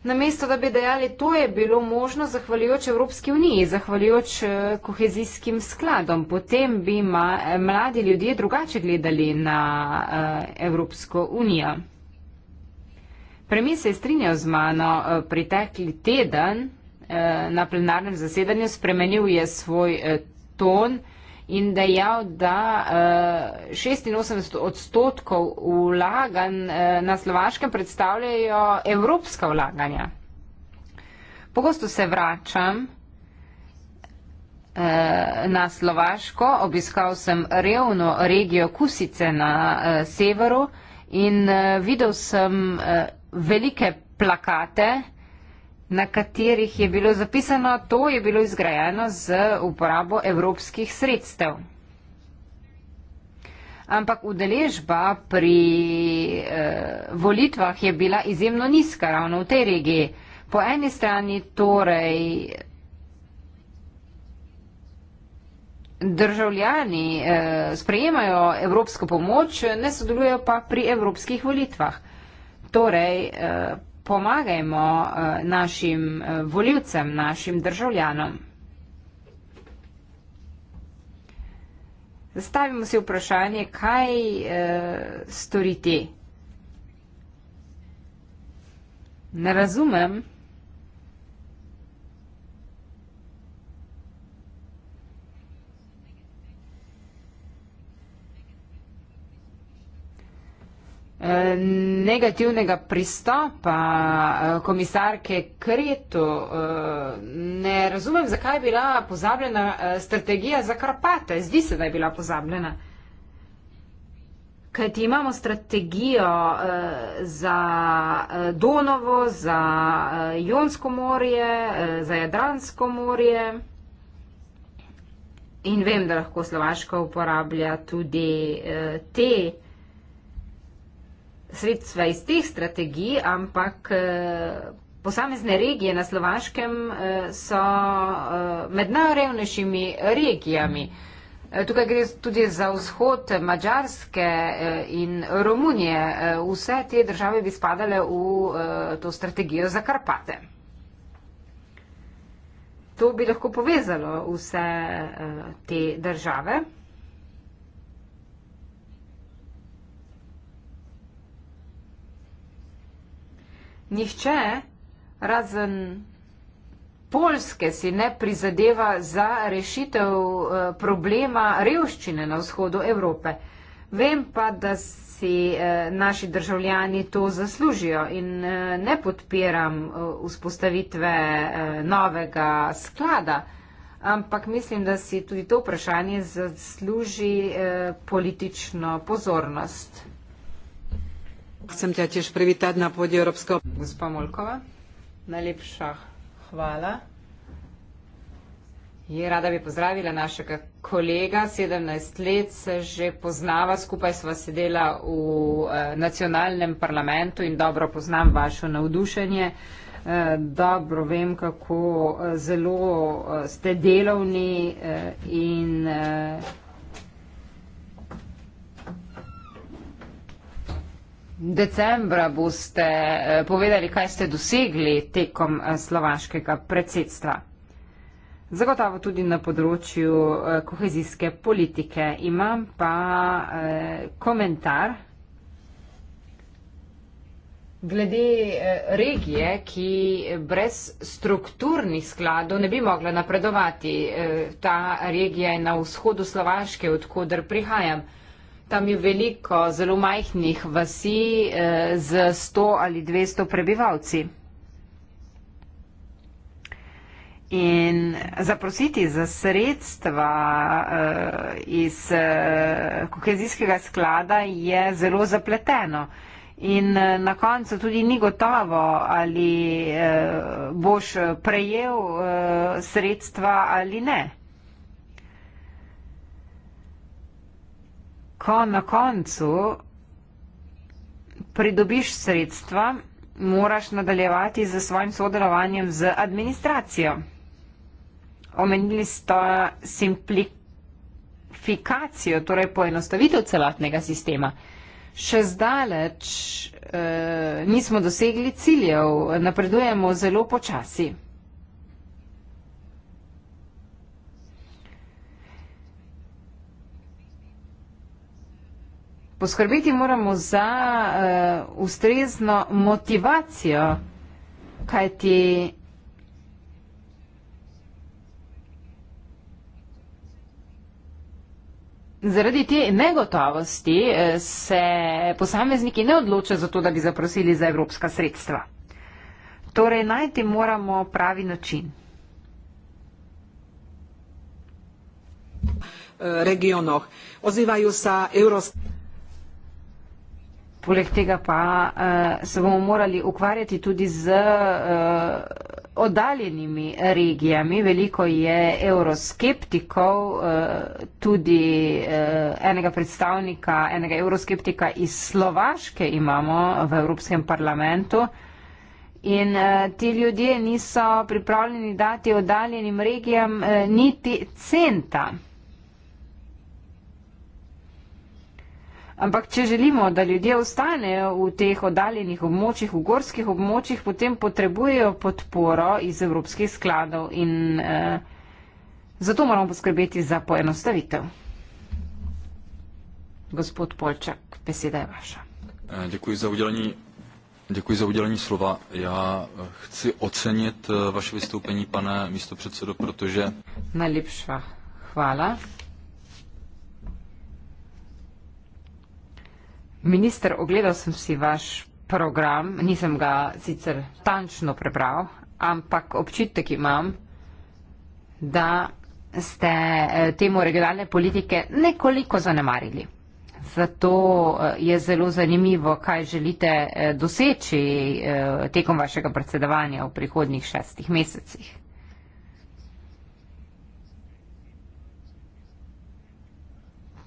Namesto, da bi dejali, to je bilo možno zahvaljujoč Evropski uniji, zahvaljujoč eh, kohezijskim skladom, potem bi ma, eh, mladi ljudje drugače gledali na uh, Evropsko unijo. Premi se je strinjal z mano uh, pritekli teden uh, na plenarnem zasedanju, spremenil je svoj uh, ton in dejal, da uh, eh, 86 odstotkov vlaganj uh, na Slovaškem predstavljajo evropska vlaganja. Pogosto se vračam eh, na Slovaško, obiskal sem revno regijo Kusice na severu in videl sem velike plakate, na katerih je bilo zapisano, to je bilo izgrajeno z uporabo evropskih sredstev. Ampak udeležba pri eh, volitvah je bila izjemno nizka ravno v tej regiji. Po eni strani torej državljani eh, sprejemajo evropsko pomoč, ne sodelujo pa pri evropskih volitvah. Torej, eh, pomagajmo eh, našim eh, voljivcem, našim državljanom. Zastavimo se vprašanje, kaj eh, storiti. Ne razumem. Ne razumem. Eh, negativnega pristopa eh, komisarke Kreto. Eh, ne razumem, zakaj je bila pozabljena strategija za Karpate. Zdi se, da je bila pozabljena. Kaj ti imamo strategijo za Donovo, za Jonsko morje, za Jadransko morje. In vem, da lahko Slovaška uporablja tudi te strategije sredstva iz teh strategij, ampak eh, posamezne regije na Slovaškem eh, so eh, med najrevnejšimi regijami. Tukaj gre tudi za vzhod Mačarske in Romunije. Vse te države bi spadale v to strategijo za Karpate. To bi lahko povezalo vse te države. nihče razen Polske si ne prizadeva za rešitev eh, problema revščine na vzhodu Evrope. Vem pa, da si eh, naši državljani to zaslužijo in eh, ne podpiram vzpostavitve novega sklada, ampak mislim, da si tudi to vprašanje zasluži politično pozornost. Chcem ťa tiež privítať na pôde Európskeho... Gospa Molkova. Najlepšia chvála. Je rada bi pozdravila našega kolega, 17 let se že poznava, skupaj sva sedela v eh, nacionalnem parlamentu in dobro poznam vašo navdušenje. Eh, dobro vem, kako eh, zelo eh, ste delovni eh, in eh, decembra boste eh, povedali, kaj ste dosegli tekom eh, slovaškega predsedstva. Zagotovo tudi na področju eh, kohezijske politike imam pa komentar glede regije, ki brez strukturnih skladov ne bi mogla napredovati. Ta regija je na vzhodu Slovaške, odkuder prihajam. Tam je veliko zelo majhnih vasi eh, z 100 ali 200 prebivalci. In zaprositi za sredstva eh, iz eh, kohezijskega sklada je zelo zapleteno. In na koncu tudi ni gotovo, ali boš prejel sredstva ali ne. ko na koncu pridobiš sredstva, moraš nadaljevati z svojim sodelovanjem z administracijo. Omenili ste simplifikacijo, torej poenostavitev celotnega sistema. Še zdaleč e, nismo dosegli ciljev, napredujemo zelo počasi. poskrbeti moramo za uh, ustrezno motivacijo, kajti zaradi te negotovosti eh, se posamezniki ne odločajo za to, da bi zaprosili za evropska sredstva. Torej, najti moramo pravi način. Eh, regionoch. Ozývajú sa Eurostat. Poleg tega pa uh, se bomo morali ukvarjati tudi z uh, oddaljenimi regijami. Veliko je euroskeptikov, uh, tudi uh, enega predstavnika, enega euroskeptika iz Slovaške imamo v Evropskem parlamentu. In uh, ti ljudje niso pripravljeni dati oddaljenim regijam uh, niti centa. Ampak, če želimo, da ljudje ostanejo v teh oddaljenih območjih, v gorskih območjih, potem potrebujejo podporo iz evropskih skladov in eh, zato moramo poskrbeti za poenostavitev. Gospod Polčak, beseda je vaša. Eh, děkuji za udělení. Děkuji za udělení slova. Já eh, chci ocenit eh, vaše vystoupení, pane místo předsedo, protože... Najlepšva chvála. Minister, ogledal sem si vaš program, nisem ga sicer tančno prebral, ampak občutek imam, da ste eh, temu regionalne politike nekoliko zanemarili. Zato eh, je zelo zanimivo, kaj želite eh, doseči tekom vašega predsedovanja v prihodnjih šestih mesecih.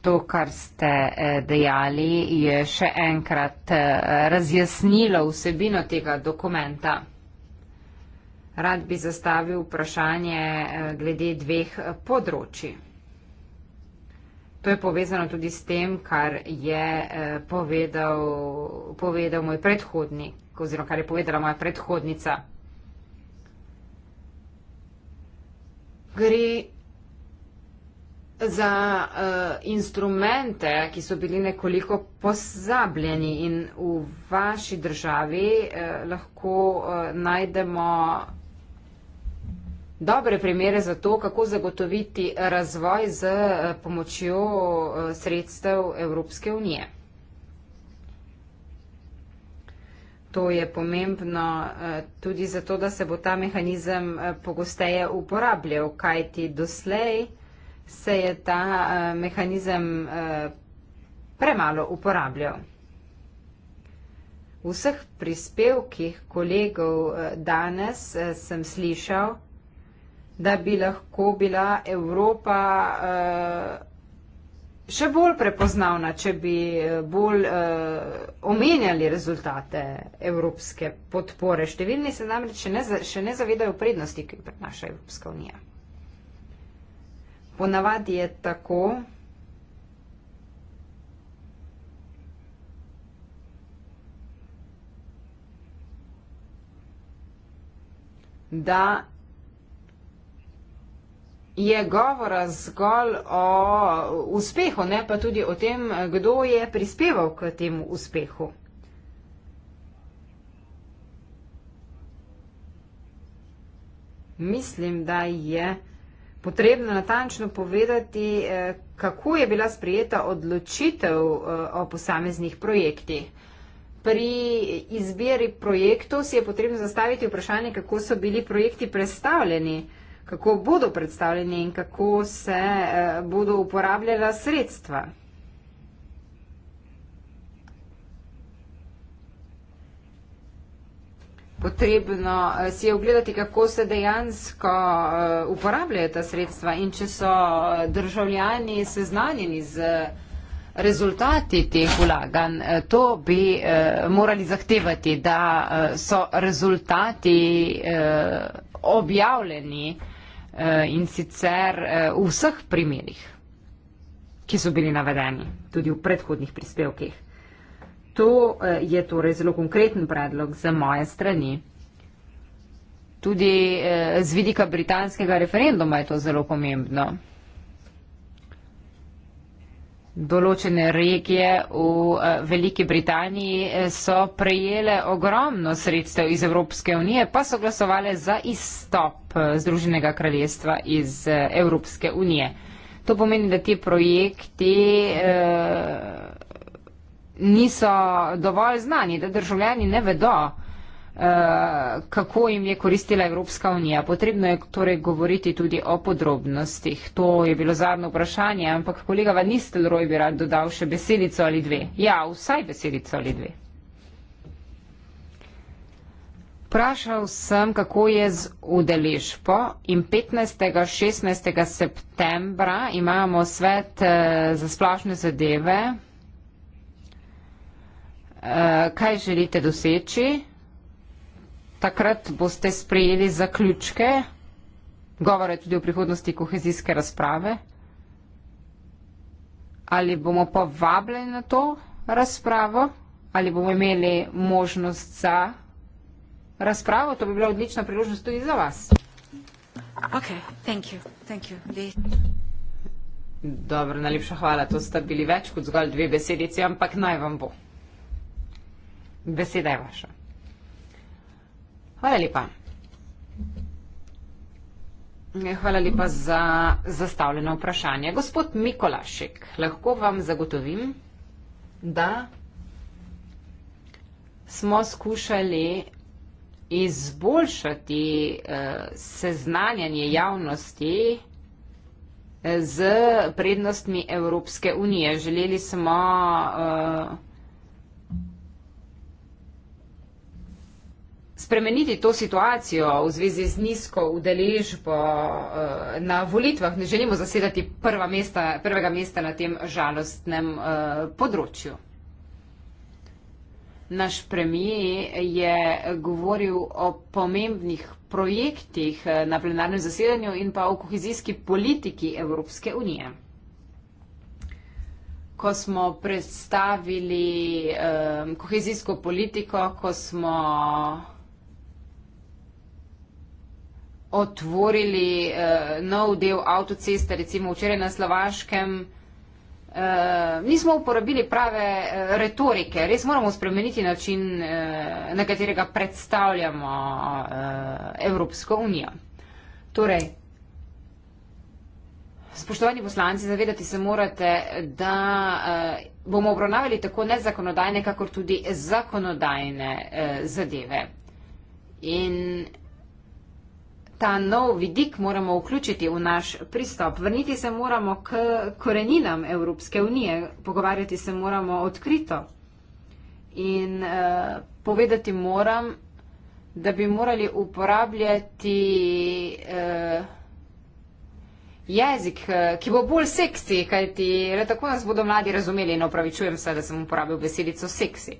to, kar ste eh, dejali, je še enkrat eh, razjasnilo vsebino tega dokumenta. Rad bi zastavil vprašanje eh, glede dveh področji. To je povezano tudi s tem, kar je povedal, povedal moj predhodnik oziroma kar je povedala moja predhodnica. Gre za uh, instrumente, ki so bili nekoliko pozabljeni in v vaši državi uh, lahko uh, najdemo dobre primere za to, kako zagotoviti razvoj z uh, pomočjo uh, sredstev Evropske unije. To je pomembno tudi zato, da se bo ta mehanizem pogosteje uporabljal, kajti doslej se je ta eh, mehanizem eh, premalo uporabljal. V vseh prispevkih kolegov eh, danes sem slišal, da bi lahko bila Evropa še bolj prepoznavna, če bi bolj omenjali rezultate evropske podpore. Številni se namreč še ne zavedajo prednosti, ki jih prenaša Evropska unija. Ponavadi je tako, da je govora zgolj o uspehu, ne pa tudi o tem, kdo je prispeval k temu uspehu. Mislim, da je potrebno natančno povedati, eh, kako je bila sprijeta odločitev eh, o posameznih projektih. Pri izbiri projektov si je potrebno zastaviti vprašanje, kako so bili projekti predstavljeni, kako bodo predstavljeni in kako se eh, bodo uporabljala sredstva. potrebno eh, si je ogledati, kako se dejansko eh, uporabljajo ta sredstva in če so eh, državljani seznanjeni z rezultati teh vlaganj. To bi morali zahtevati, da so rezultati objavljeni in sicer v vseh primerih, ki so bili navedeni tudi v predhodnih prispevkih. To eh, je torej zelo konkreten predlog za moje strani. Tudi eh, z vidika britanskega referenduma je to zelo pomembno. Določene regije v eh, Veliki Britaniji so prejele ogromno sredstev iz Evropske unije, pa so glasovale za izstop Združenega kraljestva iz Evropske unije. To pomeni, da ti projekti. Eh, niso dovolj znani, da državljani ne vedo, eh, kako jim je koristila Evropska unija. Potrebno je torej govoriti tudi o podrobnostih. To je bilo zadnje vprašanje, ampak kolega Van Nistelrooy bi rad dodal še besedico ali dve. Ja, vsaj besedico ali dve. Vprašal sem, kako je z udeležbo in 15. 16. septembra imamo svet eh, za splošne zadeve Eh, kaj želite doseči. Takrat boste sprejeli zaključke, govore tudi o prihodnosti kohezijske razprave. Ali bomo povabljeni na to razpravo, ali bomo imeli možnost za razpravo, to bi bila odlična priložnost tudi za vas. Ok, thank you, thank you. Dobro, najlepša hvala, to sta bili več kot zgolj dve besedici, ampak naj vam bo. Beseda je vaša. Hvala lepa. Hvala lepa za zastavljeno vprašanje. Gospod Mikolašek, lahko vam zagotovim, da smo skušali izboljšati eh, seznanjanje javnosti eh, z prednostmi Evropske unije. Želeli smo eh, spremeniti to situacijo v zvezi z nizko udeležbo eh, na volitvah. Ne želimo zasedati prva mesta, prvega mesta na tem žalostnem eh, področju. Naš premijer je govoril o pomembnih projektih eh, na plenarnem zasedanju in pa o kohezijski politiki Evropske unije. Ko smo predstavili um, kohezijsko politiko, ko smo otvorili uh, nov del avtoceste, recimo včeraj na Slovaškem. Uh, nismo uporabili prave uh, retorike, res moramo spremeniti način, uh, na katerega predstavljamo uh, Evropsko unijo. Torej, spoštovani poslanci, zavedati se morate, da uh, bomo obravnavali tako nezakonodajne, kakor tudi zakonodajne uh, zadeve. In ta nov vidik moramo vključiti v naš pristop. Vrniti se moramo k koreninam Evropske unije, pogovarjati se moramo odkrito in uh, povedati moram, da bi morali uporabljati uh, jezik, eh, ki bo bolj seksi, kajti tako nas bodo mladi razumeli in opravičujem se, da sem uporabil besedico seksi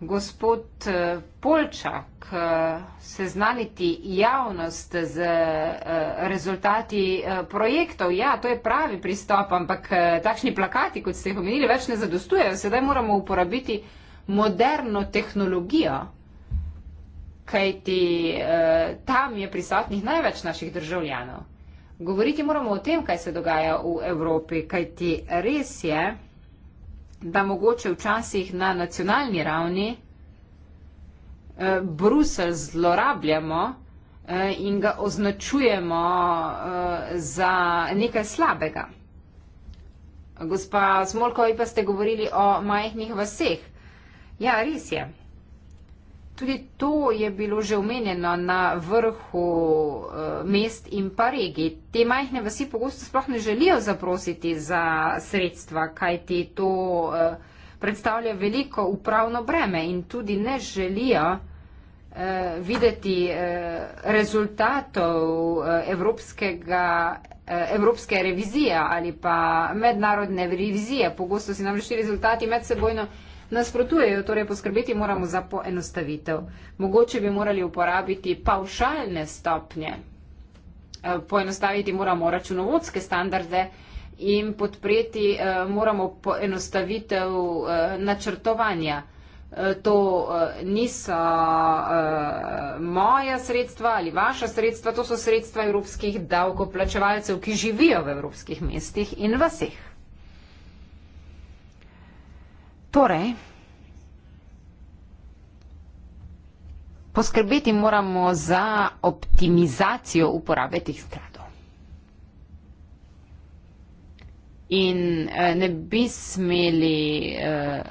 gospod eh, Polčak eh, seznaniti javnost z eh, rezultati projektov. Ja, to je pravi pristop, ampak takšni plakati, kot ste jih omenili, več ne zadostujejo. Sedaj moramo uporabiti moderno tehnologijo, kajti tam je prisotnih največ naših državljanov. Govoriti moramo o tem, kaj se dogaja v Evropi, kajti res je da mogoče včasih na nacionalni ravni eh, Brusel zlorabljamo eh, in ga označujemo eh, za nekaj slabega. Gospa Smolkovi pa ste govorili o majhnih vseh. Ja, res je. Tudi to je bilo že omenjeno na vrhu eh, mest in pa regij. Te majhne vasi pogosto sploh ne želijo zaprositi za sredstva, kajti to eh, predstavlja veliko upravno breme in tudi ne želijo eh, videti rezultatov evropskega, evropske revizije ali pa mednarodne revizije. Pogosto si namreč ti rezultati medsebojno nasprotujejo, torej poskrbeti moramo za poenostavitev. Mogoče bi morali uporabiti paušalne stopnje, eh, poenostaviti moramo računovodske standarde in podpreti eh, moramo poenostavitev eh, načrtovanja. To niso moja sredstva ali vaša sredstva, to so sredstva evropskih davkoplačevalcev, ki živijo v evropskih mestih in vseh. Torej, poskrbeti moramo za optimizacijo uporabe teh skladov. In eh, ne bi smeli eh,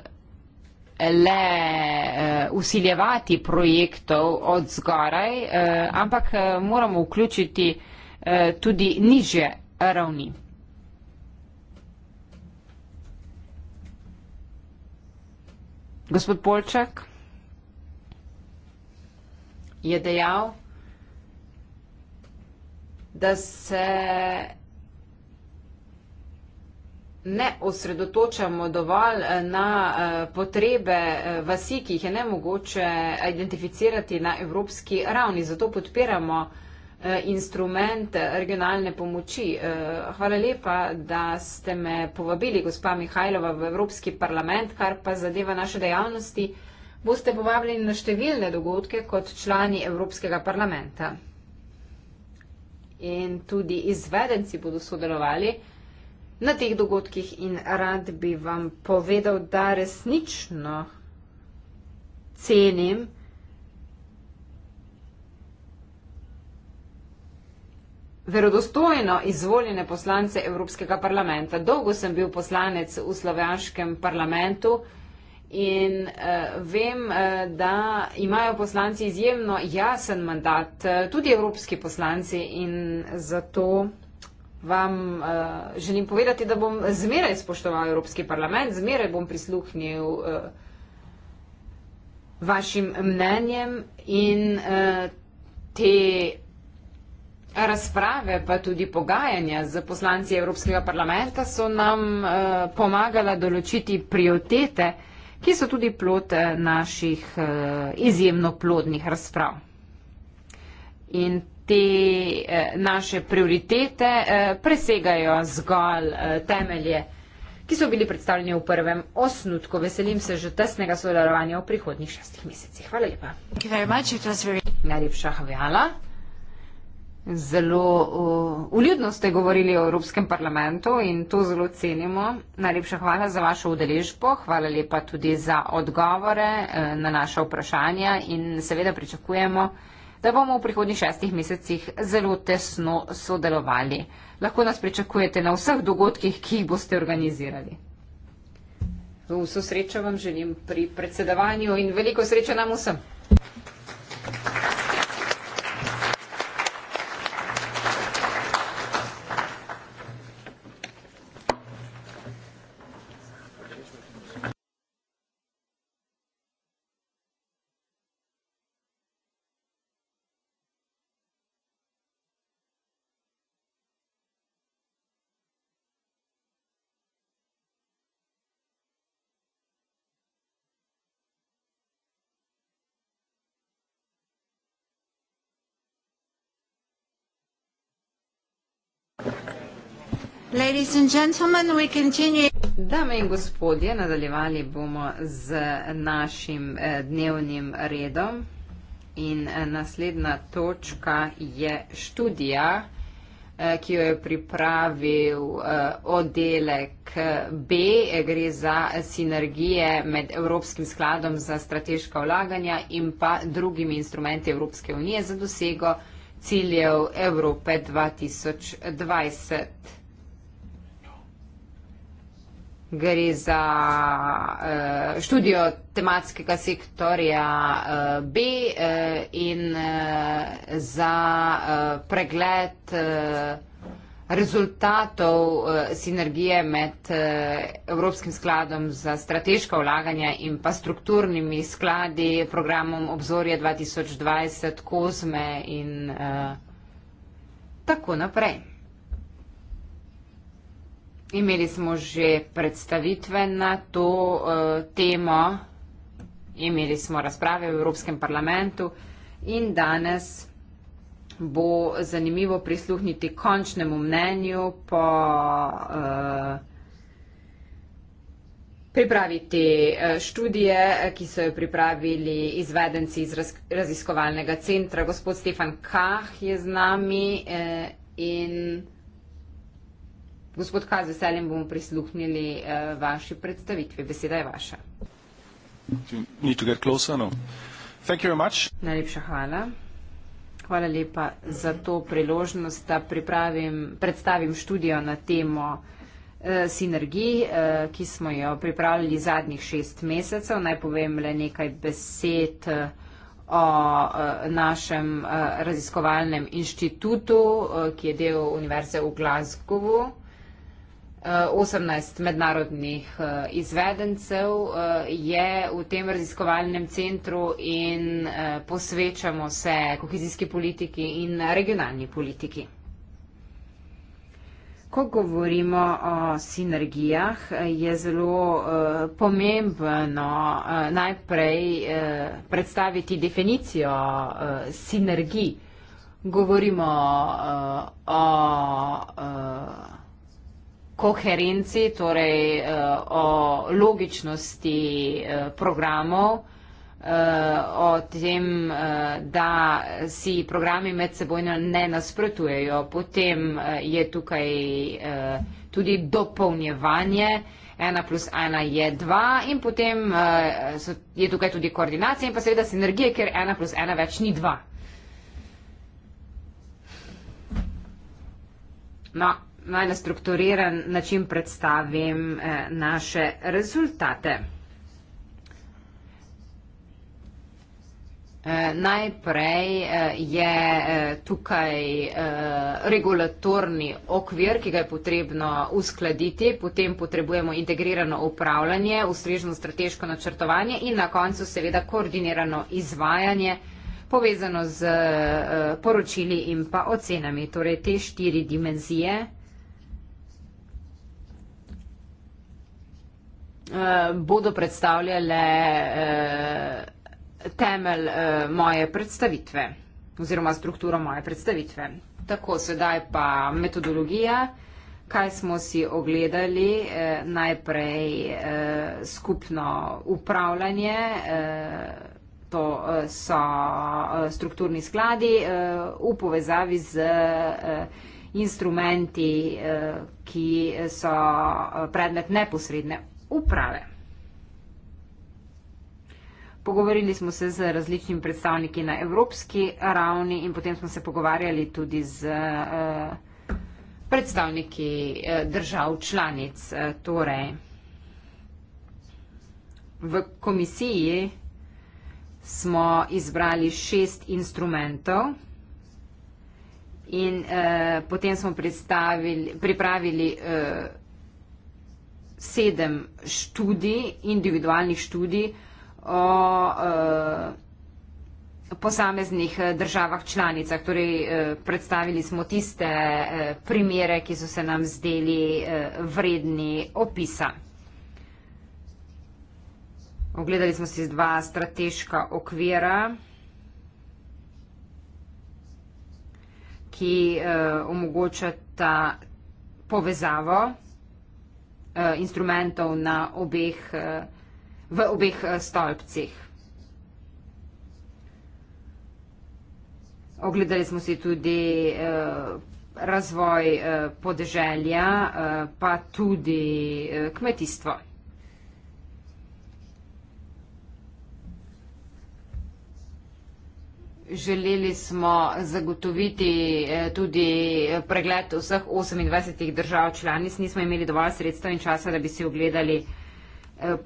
le eh, usiljevati projektov od zgoraj, ampak moramo vključiti tudi nižje ravni. Gospod Polčak je dejal, da se ne osredotočamo dovolj eh, na eh, potrebe eh, vasi, ki jih je ne mogoče identificirati na evropski ravni. Zato podpiramo vsega, Eh, instrument regionalne pomoči. Eh, hvala lepa, da ste me povabili, gospa Mihajlova, v Evropski parlament, kar pa zadeva naše dejavnosti. Boste povabljeni na številne dogodke kot člani Evropskega parlamenta. In tudi izvedenci bodo sodelovali na teh dogodkih in rad bi vam povedal, da resnično cenim, verodostojno izvoljene poslance Evropskega parlamenta. Dolgo sem bil poslanec v slovenskem parlamentu in uh, vem, uh, da imajo poslanci izjemno jasen mandat, uh, tudi evropski poslanci in zato vam uh, želim povedati, da bom zmeraj spoštoval Evropski parlament, zmeraj bom prisluhnil uh, vašim mnenjem in uh, te Razprave pa tudi pogajanja z poslanci Evropskega parlamenta so nam eh, pomagala določiti prioritete, ki so tudi plot eh, naših eh, izjemno plodnih razprav. In te eh, naše prioritete eh, presegajo zgolj eh, temelje, ki so bili predstavljeni v prvem osnutku. Veselim se že tesnega sodelovanja v prihodnjih šestih mesecih. Hvala lepa. Najlepša hvala. Zelo uh, uljudno ste govorili o Evropskem parlamentu in to zelo cenimo. Najlepša hvala za vašo udeležbo, hvala lepa tudi za odgovore uh, na naša vprašanja in seveda pričakujemo, da bomo v prihodnjih šestih mesecih zelo tesno sodelovali. Lahko nas pričakujete na vseh dogodkih, ki jih boste organizirali. Vso srečo vam želim pri predsedovanju in veliko sreče nam vsem. Dame in gospodje, nadaljevali bomo z našim eh, dnevnim redom in eh, naslednja točka je študija, eh, ki jo je pripravil oddelek B. Gre za sinergije med Evropskim skladom za strateška vlaganja in pa drugimi instrumenti Evropske unije za dosego ciljev Evrope 2020 gre za uh, študijo tematskega sektorja uh, B uh, in uh, za uh, pregled uh, rezultatov uh, sinergije med uh, Evropskim skladom za strateška vlaganja in pa strukturnimi skladi programom Obzorje 2020, Kozme in uh, tako naprej. Imeli smo že predstavitve na to uh, temo, imeli smo razprave v Evropskem parlamentu in danes bo zanimivo prisluhniti končnemu mnenju po uh, eh, pripraviti eh, študije, ki so jo pripravili izvedenci iz raz raziskovalnega centra. Gospod Stefan Kah je z nami eh, in. Gospod K, z veseljem bomo prisluhnili uh, vaši predstavitvi. Beseda je vaša. Closer, no. Najlepša hvala. Hvala lepa za to priložnost, da predstavim študijo na temo uh, sinergij, uh, ki smo jo pripravljali zadnjih šest mesecev. Naj povem le nekaj besed. Uh, o našem raziskovalnem inštitutu, ki je del Univerze v Glasgowu. 18 eh, mednarodnih eh, izvedencev eh, je v tem raziskovalnem centru in posvečamo se kohezijski politiki in regionalni politiki. Ko govorimo o sinergijah, je zelo pomembno najprej predstaviti definicijo sinergij. Govorimo o koherenci, torej eh, o logičnosti eh, programov, eh, o tem, da si programi med seboj ne nasprotujejo. Potem je tukaj tudi dopolnjevanje, ena plus ena je dva in potem je tukaj tudi koordinacija in pa seveda sinergije, ker ena plus ena več ni dva. No, malo na strukturiran način predstavim eh, naše rezultate. Eh, najprej eh, je tukaj regulatorni okvir, ki ga je potrebno uskladiti, potem potrebujemo integrirano upravljanje, ustrežno strateško načrtovanje in na koncu seveda koordinirano izvajanje, povezano z poročili in pa ocenami. Torej te štiri dimenzije. Eh, bodo predstavljale uh, temelj uh, moje predstavitve oziroma strukturo moje predstavitve. Tako, sedaj pa metodologija, kaj smo si ogledali, uh, najprej uh, skupno upravljanje, uh, to uh, so uh, strukturni skladi uh, v povezavi z. Uh, instrumenti, ki so predmet neposredne uprave. Pogovorili smo se z različnimi predstavniki na evropski ravni in potem smo se pogovarjali tudi z eh, predstavniki eh, držav članic, eh, torej v komisiji smo izbrali šest instrumentov in potem smo pripravili vsega, sedem študij, individualnih študij o eh, posameznih eh, državah članicah. Torej, eh, predstavili smo tiste primere, ki so se nam zdeli vredni opisa. Ogledali smo si dva strateška okvira, ki omogočata povezavo. Eh, instrumentov na obeh, eh, v obeh eh, stolpcih. Ogledali smo si tudi razvoj podeželja, pa tudi kmetijstvo. Želeli smo zagotoviti eh, tudi pregled vseh 28 držav članic. Nismo imeli dovolj sredstva in časa, da bi si ogledali eh,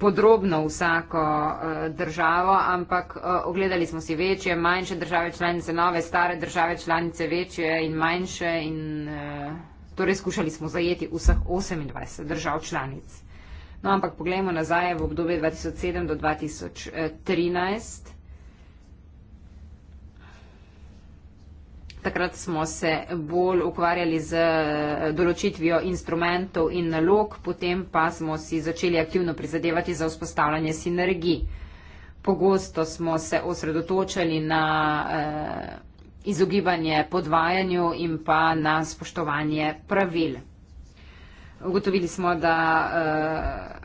podrobno vsako eh, državo, ampak ogledali smo si večje, manjše države članice, nove, stare države članice, večje in manjše. In, torej skušali smo zajeti vseh 28 držav članic. No, ampak pogledajmo nazaj v obdobje 2007 do 2013. Takrat smo se bolj ukvarjali z eh, določitvijo instrumentov in nalog, potem pa smo si začeli aktivno prizadevati za vzpostavljanje sinergij. Pogosto smo se osredotočali na eh, izogibanje podvajanju in pa na spoštovanje pravil. Ugotovili smo, da. Eh,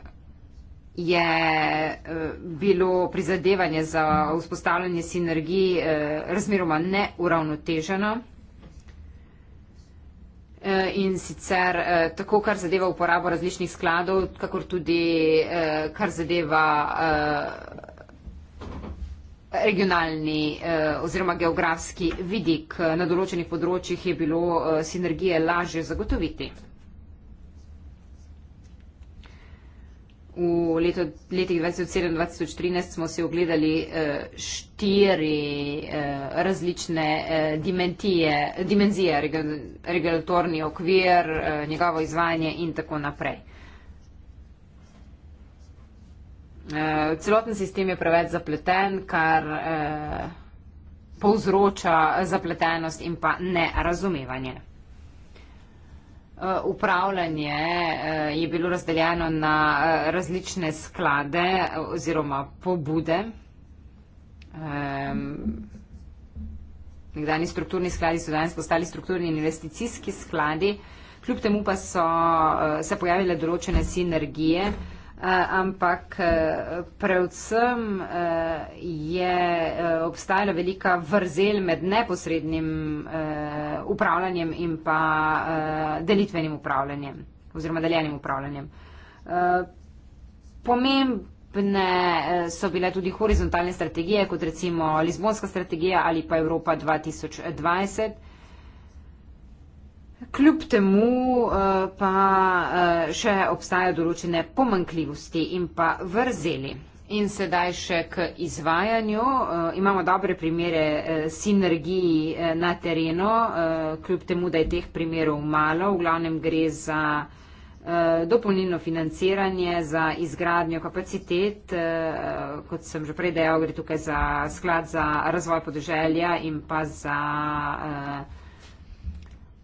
je eh, bilo prizadevanje za vzpostavljanje sinergij eh, razmeroma neuravnoteženo. Eh, in sicer tako, kar zadeva uporabo različnih skladov, kakor tudi kar zadeva regionalni oziroma geografski vidik na določenih področjih je bilo sinergije lažje zagotoviti. v leto, letih 2007-2013 smo si ogledali eh, štiri eh, različne eh, dimenzije, regulatorni okvir, eh, njegovo izvajanje in tako naprej. Eh, celoten sistem je preveč zapleten, kar eh, povzroča zapletenost in pa nerazumevanje. Eh, upravljanje eh, je bilo razdeljeno na eh, različne sklade oziroma pobude. Nekdani strukturni skladi so danes postali strukturni investicijski skladi, kljub temu pa so se pojavile določene sinergije. Eh, ampak eh, predvsem eh, je obstajala velika vrzel med neposrednim upravljanjem in pa delitvenim upravljanjem oziroma deljenim upravljanjem. Pomembne so bile tudi horizontalne strategije, kot recimo Lizbonska strategija ali pa Evropa 2020 kljub temu eh, pa eh, še obstajajo določene pomankljivosti in pa vrzeli. In sedaj še k izvajanju. Eh, imamo dobre primere sinergiji na terenu, kljub temu, da je teh primerov malo. V glavnem gre za dopolnilno financiranje, za izgradnjo kapacitet. Kot sem že prej dejal, gre tukaj za sklad za razvoj podeželja in pa za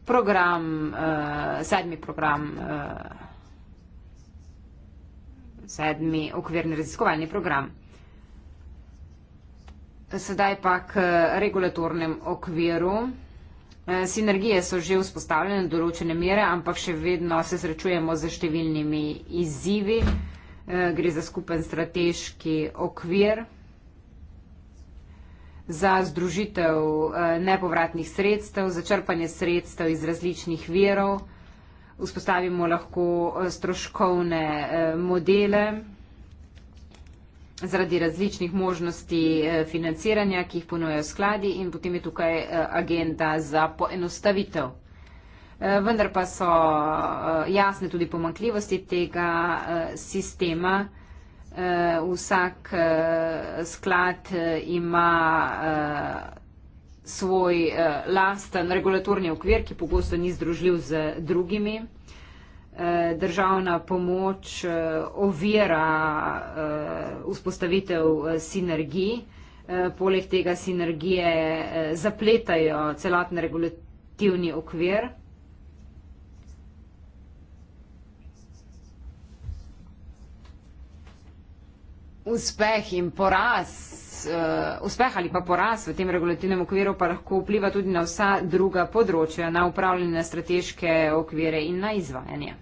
program, uh, sedmi program, uh, sedmi okvirni raziskovalni program. Sedaj pa k eh, regulatornem okviru. Sinergije so že vzpostavljene do določene mere, ampak še vedno se srečujemo z številnimi izzivi. Gre za skupen strateški okvir za združitev eh, nepovratnih sredstev, za črpanje sredstev iz različnih verov. Vzpostavimo lahko eh, stroškovne eh, modele zaradi različnih možnosti financiranja, ki jih ponujajo skladi in potem je tukaj agenda za poenostavitev. Vendar pa so jasne tudi pomankljivosti tega sistema, Uh, vsak uh, sklad uh, ima uh, svoj uh, lasten regulatorni okvir, ki pogosto ni združljiv z drugimi. Uh, državna pomoč uh, ovira uh, vzpostavitev uh, sinergij. Uh, poleg tega sinergije uh, zapletajo celoten regulativni okvir. uspeh in poraz, uh, uspeh ali pa poraz v tem regulativnem okviru pa lahko vpliva tudi na vsa druga področja, na upravljene strateške okvire in na izvajanje.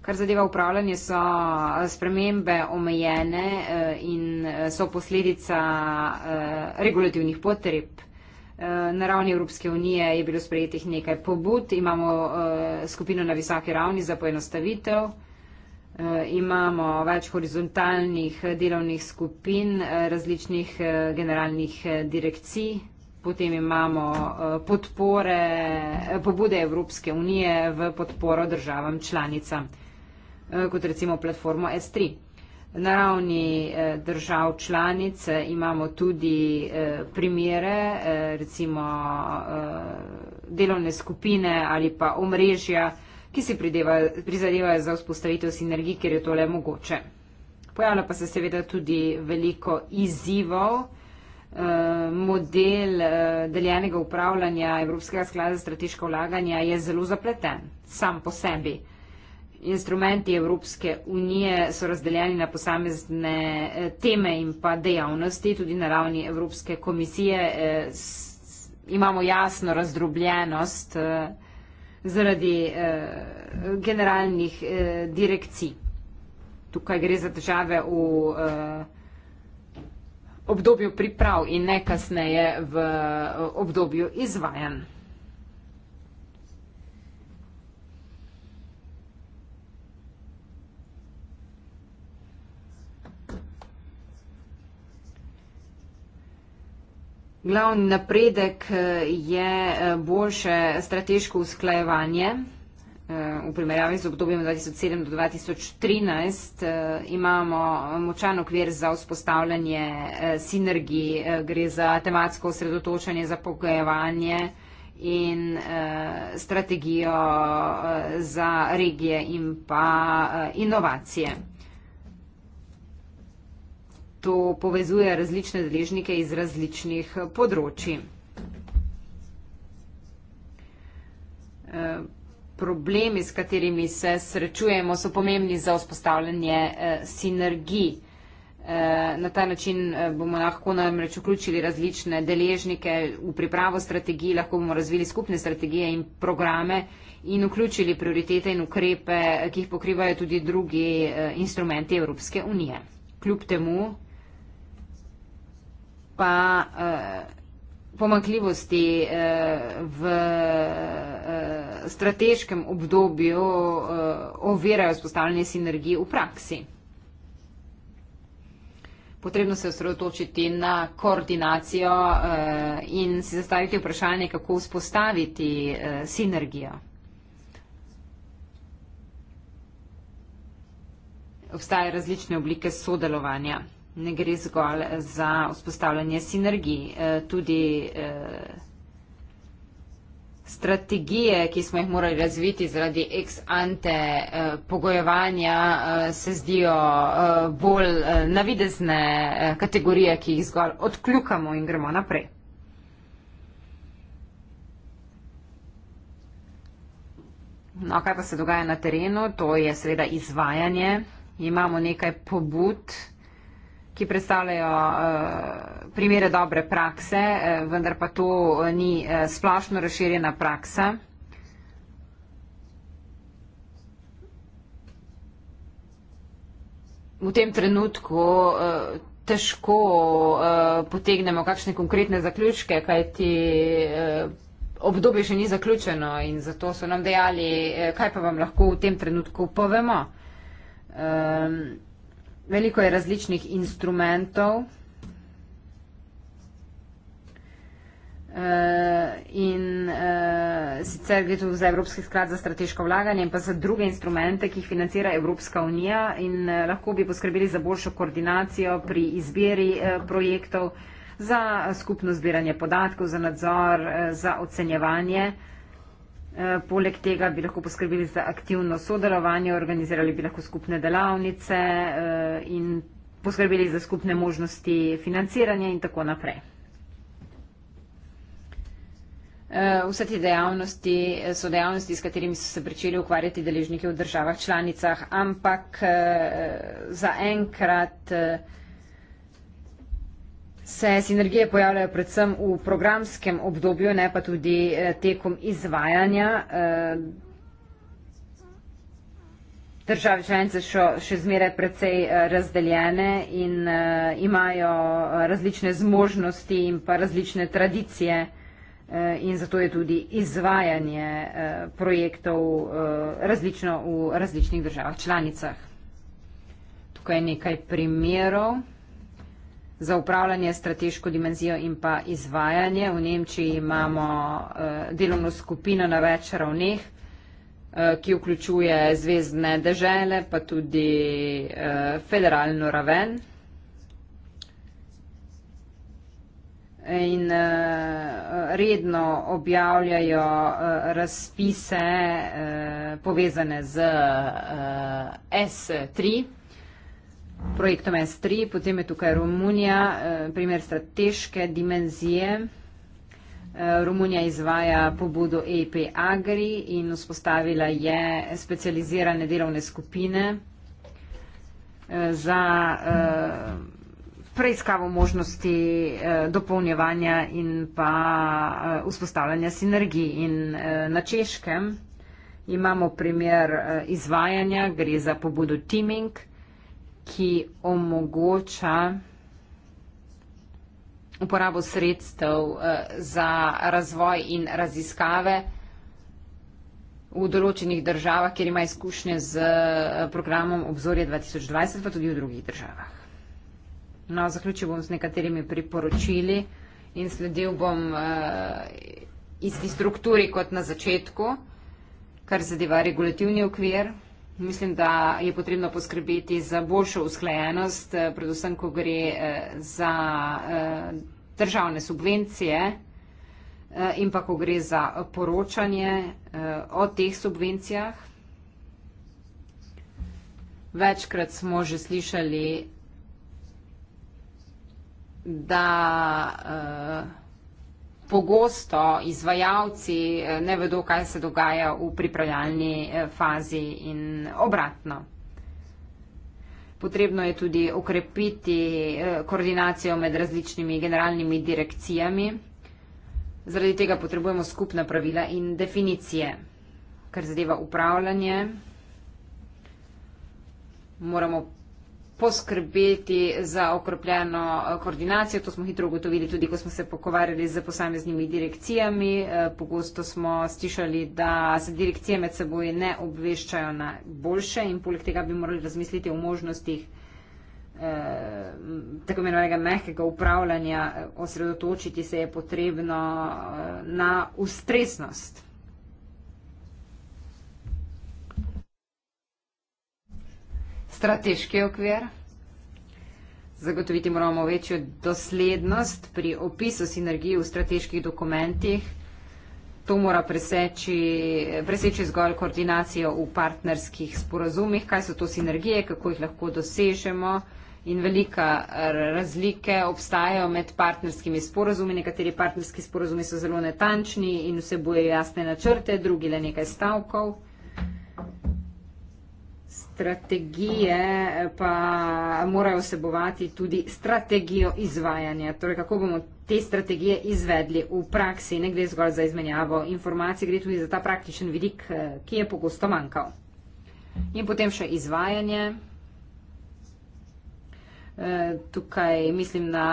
Kar zadeva upravljanje, so eh, spremembe omejene eh, in so posledica regulativnih potreb. Na ravni Evropske unije je bilo sprejetih nekaj pobud, imamo skupino na visoki ravni za poenostavitev. Eh, imamo več horizontalnih delovnih skupin eh, različnih eh, generalnih direkcij, potem imamo podpore, pobude Evropske unije v podporo državam članicam, kot recimo platformo S3. Na ravni držav članic imamo tudi primere, recimo delovne skupine ali pa omrežja, ki je vse, ki si prizadevajo za vzpostavitev sinergij, ker je tole mogoče. Pojavlja pa se seveda tudi veliko izzivov. Eh, model eh, deljenega upravljanja Evropskega sklada za strateško vlaganje je zelo zapleten, sam po sebi. Instrumenti Evropske unije so razdeljeni na posamezne eh, teme in pa dejavnosti, tudi na ravni Evropske komisije imamo jasno razdrobljenost zaradi eh, generalnih eh, direkcij. Tukaj gre za težave v eh, obdobju priprav in ne kasneje v eh, obdobju izvajanj. Glavni napredek eh, je eh, boljše strateško usklajevanje eh, v primerjavi z obdobjem 2007 do 2013. Imamo močan okvir za vzpostavljanje sinergij, gre za tematsko osredotočanje, za pogojevanje in strategijo za regije in pa inovacije. To povezuje različne deležnike iz različnih eh, področji. Eh, problemi, s katerimi se srečujemo, so pomembni za vzpostavljanje eh, sinergij. Na ta način bomo lahko namreč vključili različne deležnike v pripravo strategij, lahko bomo razvili skupne strategije in programe in vključili prioritete in ukrepe, ki jih pokrivajo tudi drugi instrumenti Evropske unije. Kljub temu, pa uh, pomankljivosti uh, v uh, strateškem obdobju uh, ovirajo spostavljanje sinergij v praksi. Potrebno se osredotočiti na koordinacijo uh, in si zastaviti vprašanje, kako vzpostaviti uh, sinergijo. Obstajajo različne oblike sodelovanja ne gre zgolj za vzpostavljanje sinergij. Eh, tudi eh, strategije, ki smo jih morali razviti zaradi ex ante eh, pogojevanja, se zdijo bolj navidezne kategorije, ki jih zgolj odkljukamo in gremo naprej. No, kaj pa se dogaja na terenu? To je seveda izvajanje. Imamo nekaj pobud, ki predstavljajo eh, primere dobre prakse, eh, vendar pa to eh, ni splošno razširjena praksa. V tem trenutku težko potegnemo kakšne konkretne zaključke, kajti obdobje še ni zaključeno in zato so nam dejali, kaj pa vam lahko v tem trenutku povemo. Um, veliko je različnih instrumentov eh, in eh, sicer gre tudi za Evropski sklad za strateško vlaganje in pa za druge instrumente, ki jih financira Evropska unija in eh, lahko bi poskrbeli za boljšo koordinacijo pri izbiri projektov, za skupno zbiranje podatkov, za nadzor, za ocenjevanje projektov. Eh, poleg tega bi lahko poskrbeli za aktivno sodelovanje, organizirali bi lahko skupne delavnice eh, in poskrbeli za skupne možnosti financiranja in tako naprej. Eh, vse te dejavnosti so dejavnosti, s katerimi so se pričeli ukvarjati deležniki v državah članicah, ampak zaenkrat. enkrat se sinergije pojavljajo predvsem v programskem obdobju, ne pa tudi eh, tekom izvajanja. Eh, države članice so še zmeraj precej eh, razdeljene in imajo različne zmožnosti in pa različne tradicije in zato je tudi izvajanje projektov različno v različnih državah članicah. Tukaj je nekaj primerov za upravljanje strateško dimenzijo in pa izvajanje. V Nemčiji imamo eh, delovno skupino na več ravneh, eh, ki vključuje zvezdne dežele, pa tudi eh, federalno raven. In redno objavljajo razpise povezane z S3 projektom S3, potem je tukaj Romunija, eh, primer strateške dimenzije. Eh, Romunija izvaja pobudo EP Agri in vzpostavila je specializirane delovne skupine eh, za preiskavo možnosti dopolnjevanja in pa vzpostavljanja sinergij. In na Češkem imamo primer izvajanja, gre za pobudo Teaming, ki omogoča uporabo sredstev eh, za razvoj in raziskave v določenih državah, kjer ima izkušnje z eh, programom Obzorje 2020, pa tudi v drugih državah. No, zaključil bom z nekaterimi priporočili in sledil bom uh, isti strukturi kot na začetku, kar zadeva regulativni okvir. Mislim, da je potrebno poskrbeti za boljšo usklajenost, eh, predvsem, ko gre eh, za eh, državne subvencije in pa ko gre za poročanje o teh subvencijah. Večkrat smo že slišali, da uh, pogosto izvajalci eh, ne vedo, kaj se dogaja v pripravljalni eh, fazi in obratno. Potrebno je tudi ukrepiti eh, koordinacijo med različnimi generalnimi direkcijami. Zaradi tega potrebujemo skupna pravila in definicije, kar zadeva upravljanje. Moramo poskrbeti za okropljeno eh, koordinacijo. To smo hitro ugotovili tudi, ko smo se pogovarjali z posameznimi direkcijami. Eh, pogosto smo slišali, da se direkcije med seboj ne obveščajo na boljše in poleg tega bi morali razmisliti o možnostih eh, tako imenovanega mehkega upravljanja, osredotočiti se je potrebno na ustresnost. strateški okvir. Zagotoviti moramo večjo doslednost pri opisu sinergij v strateških dokumentih. To mora preseči, preseči zgolj koordinacijo v partnerskih sporazumih, kaj so to sinergije, kako jih lahko dosežemo. In velike razlike obstajajo med partnerskimi sporazumi. Nekateri partnerski sporazumi so zelo netančni in vse bojo jasne načrte, drugi le nekaj stavkov strategije eh, pa morajo vsebovati tudi strategijo izvajanja. Torej, kako bomo te strategije izvedli v praksi, ne gre zgolj za izmenjavo informacij, gre tudi za ta praktičen vidik, eh, ki je pogosto manjkal. In potem še izvajanje. Eh, tukaj mislim na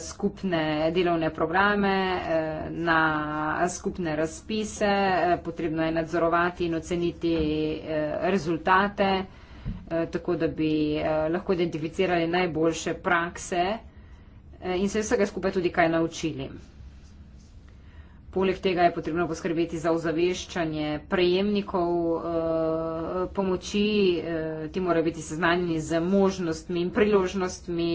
skupne delovne programe, na skupne razpise, potrebno je nadzorovati in oceniti rezultate. Eh, tako da bi eh, lahko identificirali najboljše prakse eh, in se vsega skupaj tudi kaj naučili. Poleg tega je potrebno poskrbeti za ozaveščanje prejemnikov pomoči, ti morajo biti seznanjeni z možnostmi in priložnostmi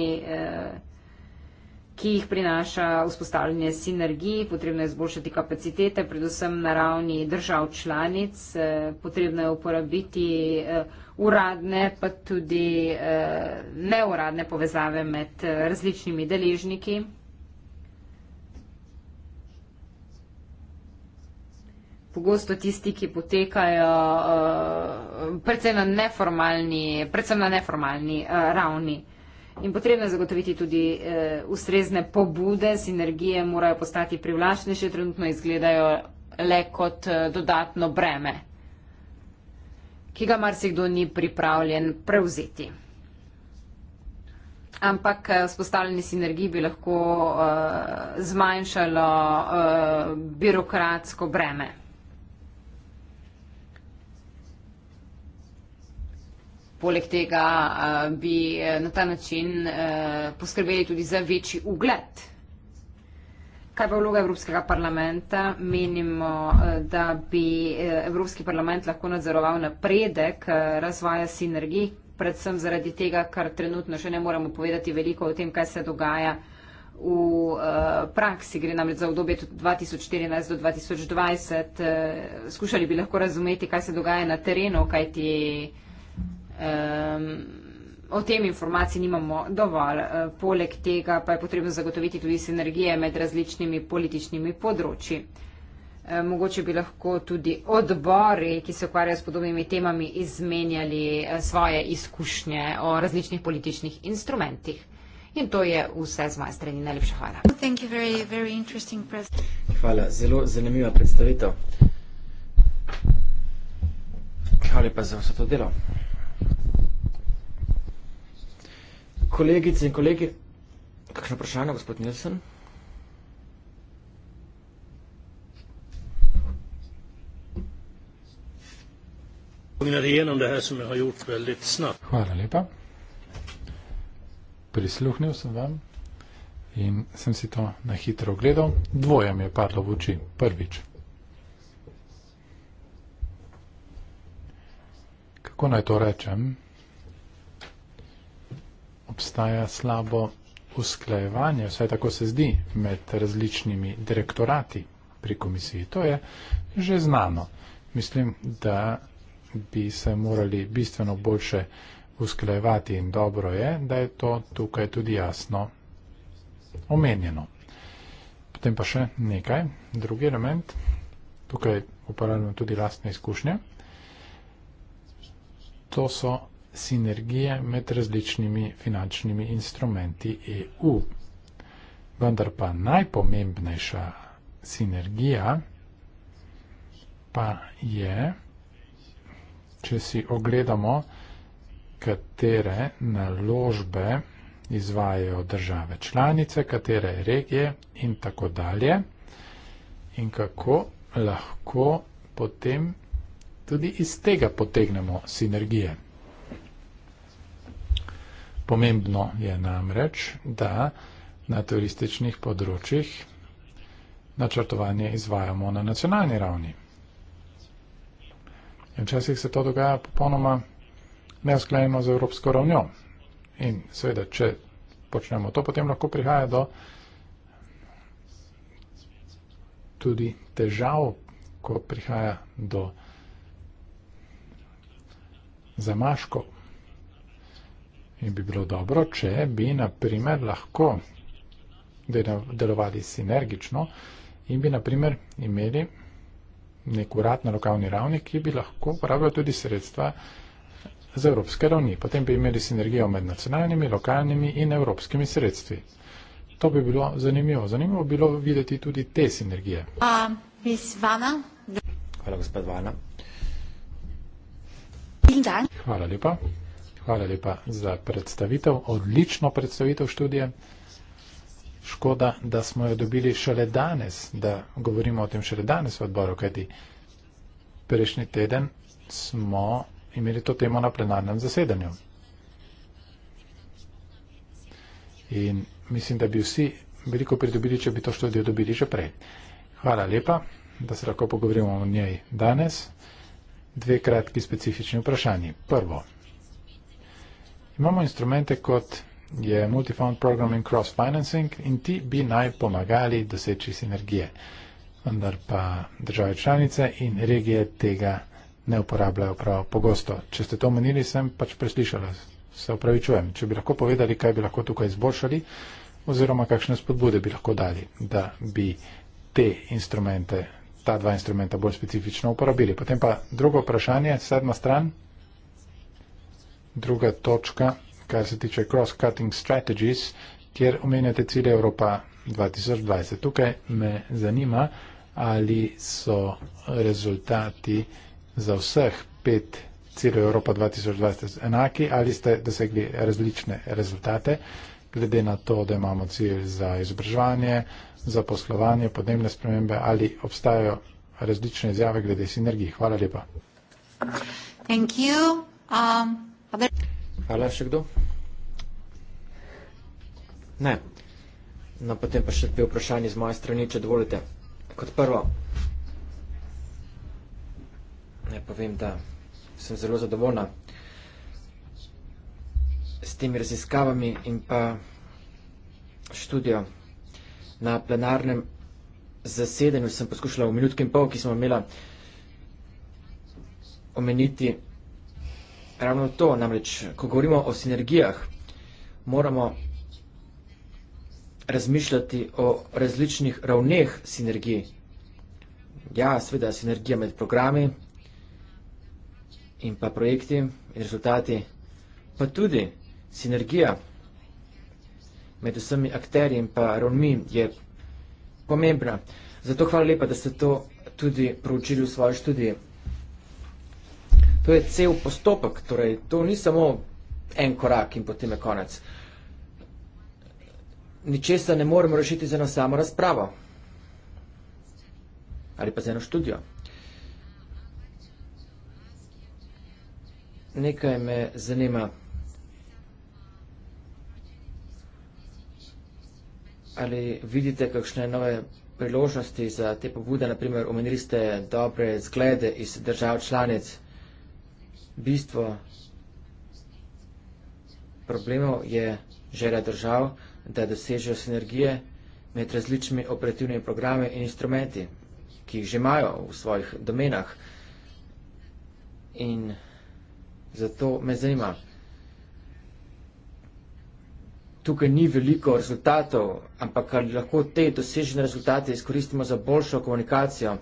ki jih prinaša vzpostavljanje sinergij, potrebno je izboljšati kapacitete, predvsem na ravni držav članic, eh, potrebno je uporabiti eh, uradne, pa tudi eh, neuradne povezave med različnimi deležniki. Pogosto tisti, ki potekajo predvsem na neformalni, predvsem na neformalni ravni. In potrebno je zagotoviti tudi eh, ustrezne pobude, sinergije morajo postati privlačnejše, trenutno izgledajo le kot eh, dodatno breme, ki ga marsikdo ni pripravljen prevzeti. Ampak eh, vzpostavljeni sinergiji bi lahko eh, zmanjšalo eh, birokratsko breme. Poleg tega eh, bi eh, na ta način eh, poskrbeli tudi za večji ugled. Kaj pa vloga Evropskega parlamenta? Menimo, da bi Evropski parlament lahko nadzoroval napredek razvoja sinergij, predvsem zaradi tega, kar trenutno še ne moremo povedati veliko o tem, kaj se dogaja v praksi. Gre namreč za obdobje 2014 do 2020. Skušali bi lahko razumeti, kaj se dogaja na terenu, kaj ti. Te Um, o tem informacij nimamo dovolj. Uh, poleg tega pa je potrebno zagotoviti tudi sinergije med različnimi političnimi področji. E, mogoče bi lahko tudi odbori, ki se ukvarjajo s podobnimi temami, izmenjali e, svoje izkušnje o različnih političnih instrumentih. In to je vse z moje strani. Najlepša hvala. Very, very hvala. Zelo zanimiva predstavitev. Hvala lepa za vse to delo. Kolegice in kolegi, kakšno vprašanje, gospod Nilsen? Hvala lepa. Prisluhnil sem vam in sem si to na hitro ogledal. Dvoje mi je padlo v oči. Prvič. Kako naj to rečem? obstaja slabo usklajevanje, vsaj tako se zdi, med različnimi direktorati pri komisiji. To je že znano. Mislim, da bi se morali bistveno boljše usklajevati in dobro je, da je to tukaj tudi jasno omenjeno. Potem pa še nekaj, drugi element. Tukaj uporabljamo tudi lastne izkušnje. To so sinergije med različnimi finančnimi instrumenti EU. Vendar pa najpomembnejša sinergija pa je, če si ogledamo, katere naložbe izvajajo države članice, katere regije in tako dalje in kako lahko potem tudi iz tega potegnemo sinergije. Pomembno je namreč, da na turističnih področjih načrtovanje izvajamo na nacionalni ravni. In včasih se to dogaja popolnoma neusklajeno z evropsko ravnjo. In seveda, če počnemo to, potem lahko prihaja do tudi težav, ko prihaja do zamaškov In bi bilo dobro, če bi naprimer lahko delovali sinergično in bi naprimer imeli nek urad na lokalni ravni, ki bi lahko uporabljal tudi sredstva z evropske ravni. Potem bi imeli sinergijo med nacionalnimi, lokalnimi in evropskimi sredstvi. To bi bilo zanimivo. Zanimivo bi bilo videti tudi te sinergije. Hvala, gospod Vana. Hvala lepa. Hvala lepa za predstavitev. Odlično predstavitev študije. Škoda, da smo jo dobili šele danes, da govorimo o tem šele danes v odboru, kajti prejšnji teden smo imeli to temo na plenarnem zasedanju. In mislim, da bi vsi veliko pridobili, če bi to študijo dobili že prej. Hvala lepa, da se lahko pogovorimo o njej danes. Dve kratki specifični vprašanji. Prvo. Imamo instrumente kot je Multifound Programming Cross Financing in ti bi naj pomagali doseči sinergije. Vendar pa države članice in regije tega ne uporabljajo prav pogosto. Če ste to omenili, sem pač preslišala. Se upravičujem. Če bi lahko povedali, kaj bi lahko tukaj izboljšali oziroma kakšne spodbude bi lahko dali, da bi te instrumente, ta dva instrumenta bolj specifično uporabili. Potem pa drugo vprašanje, sedma stran druga točka, kar se tiče cross-cutting strategies, kjer omenjate cilje Evropa 2020. Tukaj me zanima, ali so rezultati za vseh pet ciljev Evropa 2020 enaki, ali ste dosegli različne rezultate, glede na to, da imamo cilj za izobraževanje, za poslovanje, podnebne spremembe, ali obstajajo različne izjave glede sinergij. Hvala lepa. Thank you. Um, Hvala, še kdo? Ne. No, potem pa še dve vprašanje z moje strani, če dovolite. Kot prvo, ne povem, da sem zelo zadovoljna s temi raziskavami in pa študijo. Na plenarnem zasedanju sem poskušala v minutki in pol, ki sem imela omeniti Ravno to, namreč, ko govorimo o sinergijah, moramo razmišljati o različnih ravneh sinergij. Ja, sveda, sinergija med programi in pa projekti in rezultati, pa tudi sinergija med vsemi akterji in pa ravnmi je pomembna. Zato hvala lepa, da ste to tudi proučili v svoji študiji. To je cel postopek, torej to ni samo en korak in potem je konec. Ničesa ne moremo rešiti z eno samo razpravo ali pa z eno študijo. Nekaj me zanima. Ali vidite kakšne nove priložnosti za te pobude, naprimer omenili ste dobre zglede iz držav članic? bistvo problemov je želja držav, da dosežejo sinergije med različnimi operativnimi programi in instrumenti, ki jih že imajo v svojih domenah. In zato me zanima, tukaj ni veliko rezultatov, ampak ali lahko te dosežene rezultate izkoristimo za boljšo komunikacijo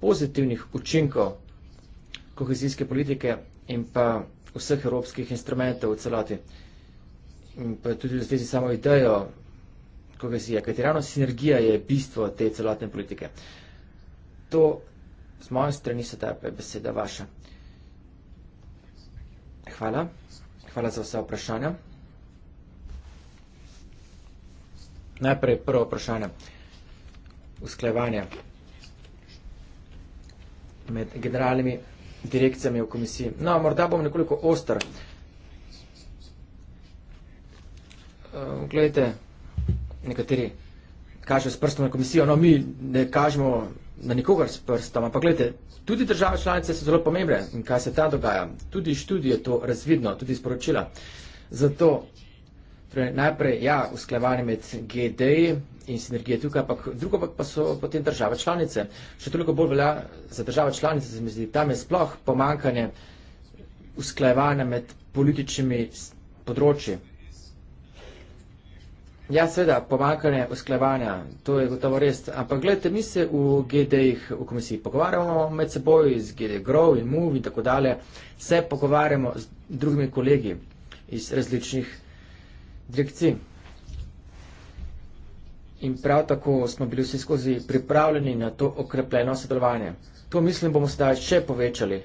pozitivnih učinkov kohezijske politike in pa vseh evropskih instrumentov v celoti. In pa tudi v zvezi s samo idejo kohezije, kajti ravno sinergija je bistvo te celotne politike. To z moje strani se ta beseda vaša. Hvala. Hvala za vse vprašanja. Najprej prvo vprašanje. Usklajevanje med generalnimi direkcijami v komisiji. No, morda bom nekoliko ostar. Eh, gledajte, nekateri kažejo s prstom na komisijo, no mi ne kažemo na nikogar s prstom, ampak gledajte, tudi države članice so zelo pomembne in kaj se tam dogaja. Tudi študije to razvidno, tudi sporočila. Zato Torej, najprej, ja, usklajevanje med GD in sinergije tukaj, ampak drugo pa so potem države članice. Še toliko bolj velja za države članice, se mi zdi, tam je sploh pomankanje usklajevanja med političnimi področji. Ja, seveda, pomankanje usklajevanja, to je gotovo res, ampak gledajte, mi se v GD-jih v komisiji pogovarjamo med seboj, z GD Grow in Move in tako dalje, se pogovarjamo z drugimi kolegi iz različnih direkcije. In prav tako smo bili vsi skozi pripravljeni na to okrepljeno sodelovanje. To mislim bomo sedaj še povečali.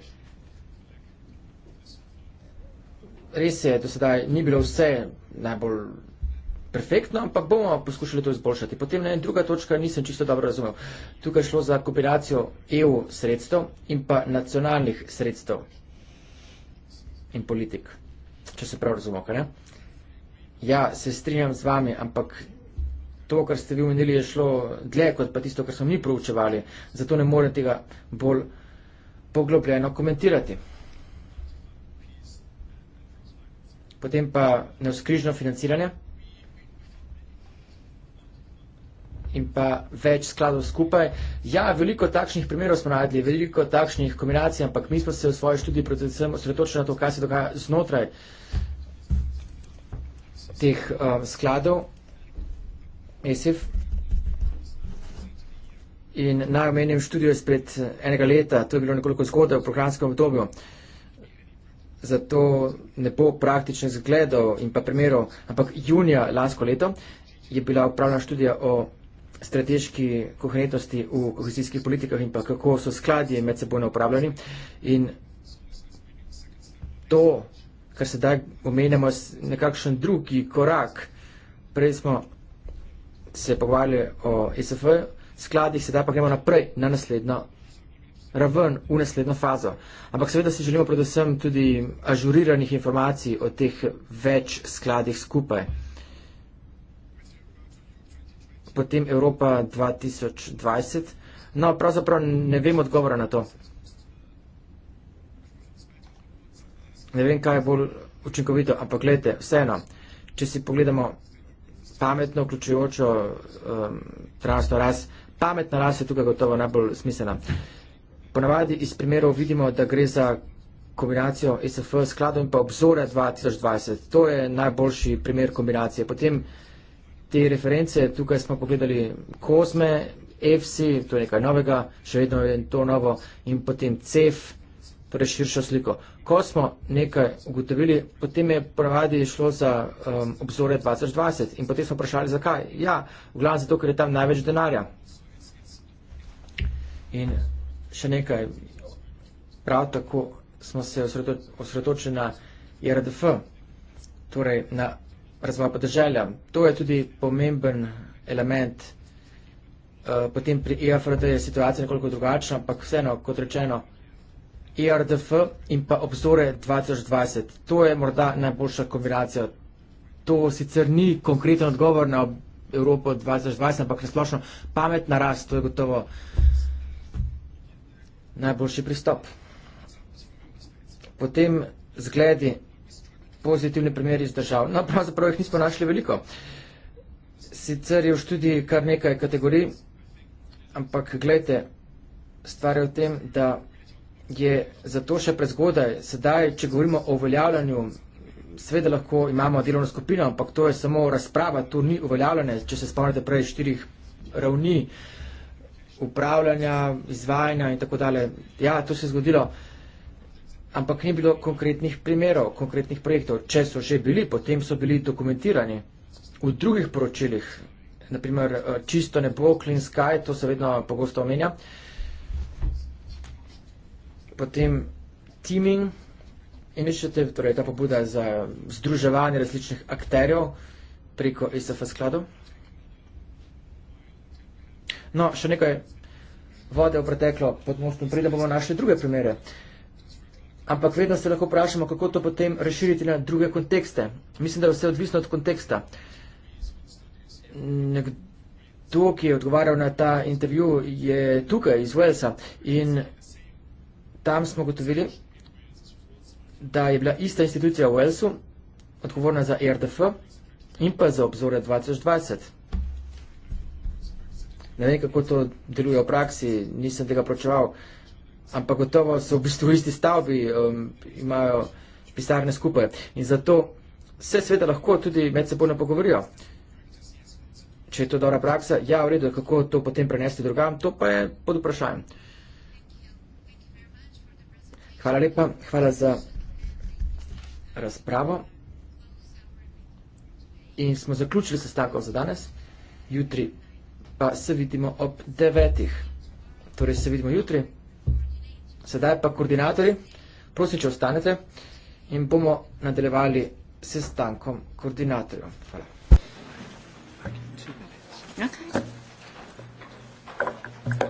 Res je, do sedaj ni bilo vse najbolj perfektno, ampak bomo poskušali to izboljšati. Potem na en druga točka nisem čisto dobro razumel. Tukaj šlo za kombinacijo EU sredstev in pa nacionalnih sredstev in politik, če se prav razumel, kaj ne? Ja, se strinjam z vami, ampak to, kar ste vi omenili, je šlo dlje kot pa tisto, kar smo mi proučevali. Zato ne morem tega bolj poglobljeno komentirati. Potem pa neuskrižno financiranje in pa več skladov skupaj. Ja, veliko takšnih primerov smo najdli, veliko takšnih kombinacij, ampak mi smo se v svoji študiji predvsem osredotočili na to, kaj se dogaja znotraj teh uh, skladov, ESIF. In naj omenim študijo izpred enega leta, to je bilo nekoliko zgodaj v programskem obdobju. Zato ne bo praktičnih zgledov in pa primerov, ampak junija lansko leto je bila upravljena študija o strateški koherentnosti v kohezijskih politikah in pa kako so skladje med seboj upravljeni. In to kar se da omenjamo nekakšen drugi korak. Prej smo se pogovarjali o e SF skladih, sedaj pa gremo naprej na naslednjo raven, v naslednjo fazo. Ampak seveda si želimo predvsem tudi ažuriranih informacij o teh več skladih skupaj. Potem Evropa 2020. No, pravzaprav ne vem odgovora na to. ne vem, kaj je bolj učinkovito, ampak gledajte, vseeno, če si pogledamo pametno, vključujočo um, trajnostno rast, pametna rast je tukaj gotovo najbolj smiselna. Ponavadi iz primerov vidimo, da gre za kombinacijo ESF skladov in pa obzore 2020. To je najboljši primer kombinacije. Potem te reference, tukaj smo pogledali Kozme, EFSI, to je nekaj novega, še vedno je to novo, in potem CEF, torej širšo sliko. Ko smo nekaj ugotovili, potem je pravadi šlo za um, obzore 2020 in potem smo vprašali, zakaj. Ja, v glavnem zato, ker je tam največ denarja. In še nekaj, prav tako smo se osredotočili na IRDF, torej na razvoj podeželja. To je tudi pomemben element. Uh, potem pri IFRD je situacija nekoliko drugačna, ampak vseeno, kot rečeno, ERDF in pa obzore 2020. To je morda najboljša kombinacija. To sicer ni konkreten odgovor na Evropo 2020, ampak na splošno pametna rast, to je gotovo najboljši pristop. Potem zgledi, pozitivni primeri iz držav. No, pravzaprav jih nismo našli veliko. Sicer je v študiji kar nekaj kategorij, ampak gledajte, stvar je v tem, da je zato še prezgodaj. Sedaj, če govorimo o uveljavljanju, seveda lahko imamo delovno skupino, ampak to je samo razprava, tu ni uveljavljanje, če se spomnite prej štirih ravni upravljanja, izvajanja in tako dalje. Ja, to se je zgodilo, ampak ni bilo konkretnih primerov, konkretnih projektov. Če so že bili, potem so bili dokumentirani v drugih poročilih, naprimer eh, čisto nebo, clean sky, to se vedno pogosto omenja. Uh, potem teaming initiative, torej ta pobuda za združevanje različnih akterjev preko ISF skladov. No, še nekaj vode v preteklo pod mostom, preden bomo našli druge primere. Ampak vedno se lahko vprašamo, kako to potem razširiti na druge kontekste. Mislim, da je vse odvisno od konteksta. Nekdo, ki je odgovarjal na ta intervju, je tukaj iz Walesa in tam smo gotovili, da je bila ista institucija v Walesu odgovorna za e RDF in pa za obzore 2020. Ne vem, kako to deluje v praksi, nisem tega pročeval, ampak gotovo so v bistvu isti stavbi, um, imajo pisarne skupaj in zato se sveda lahko tudi med sebojno pogovorijo. Če je to dobra praksa, ja, v redu, kako to potem prenesti drugam, to pa je pod vprašanjem. Hvala lepa, hvala za razpravo. In smo zaključili sestankov za danes, jutri pa se vidimo ob devetih. Torej se vidimo jutri. Sedaj pa koordinatorji, prosim, če ostanete in bomo nadaljevali sestankom koordinatorjev. Hvala. Okay.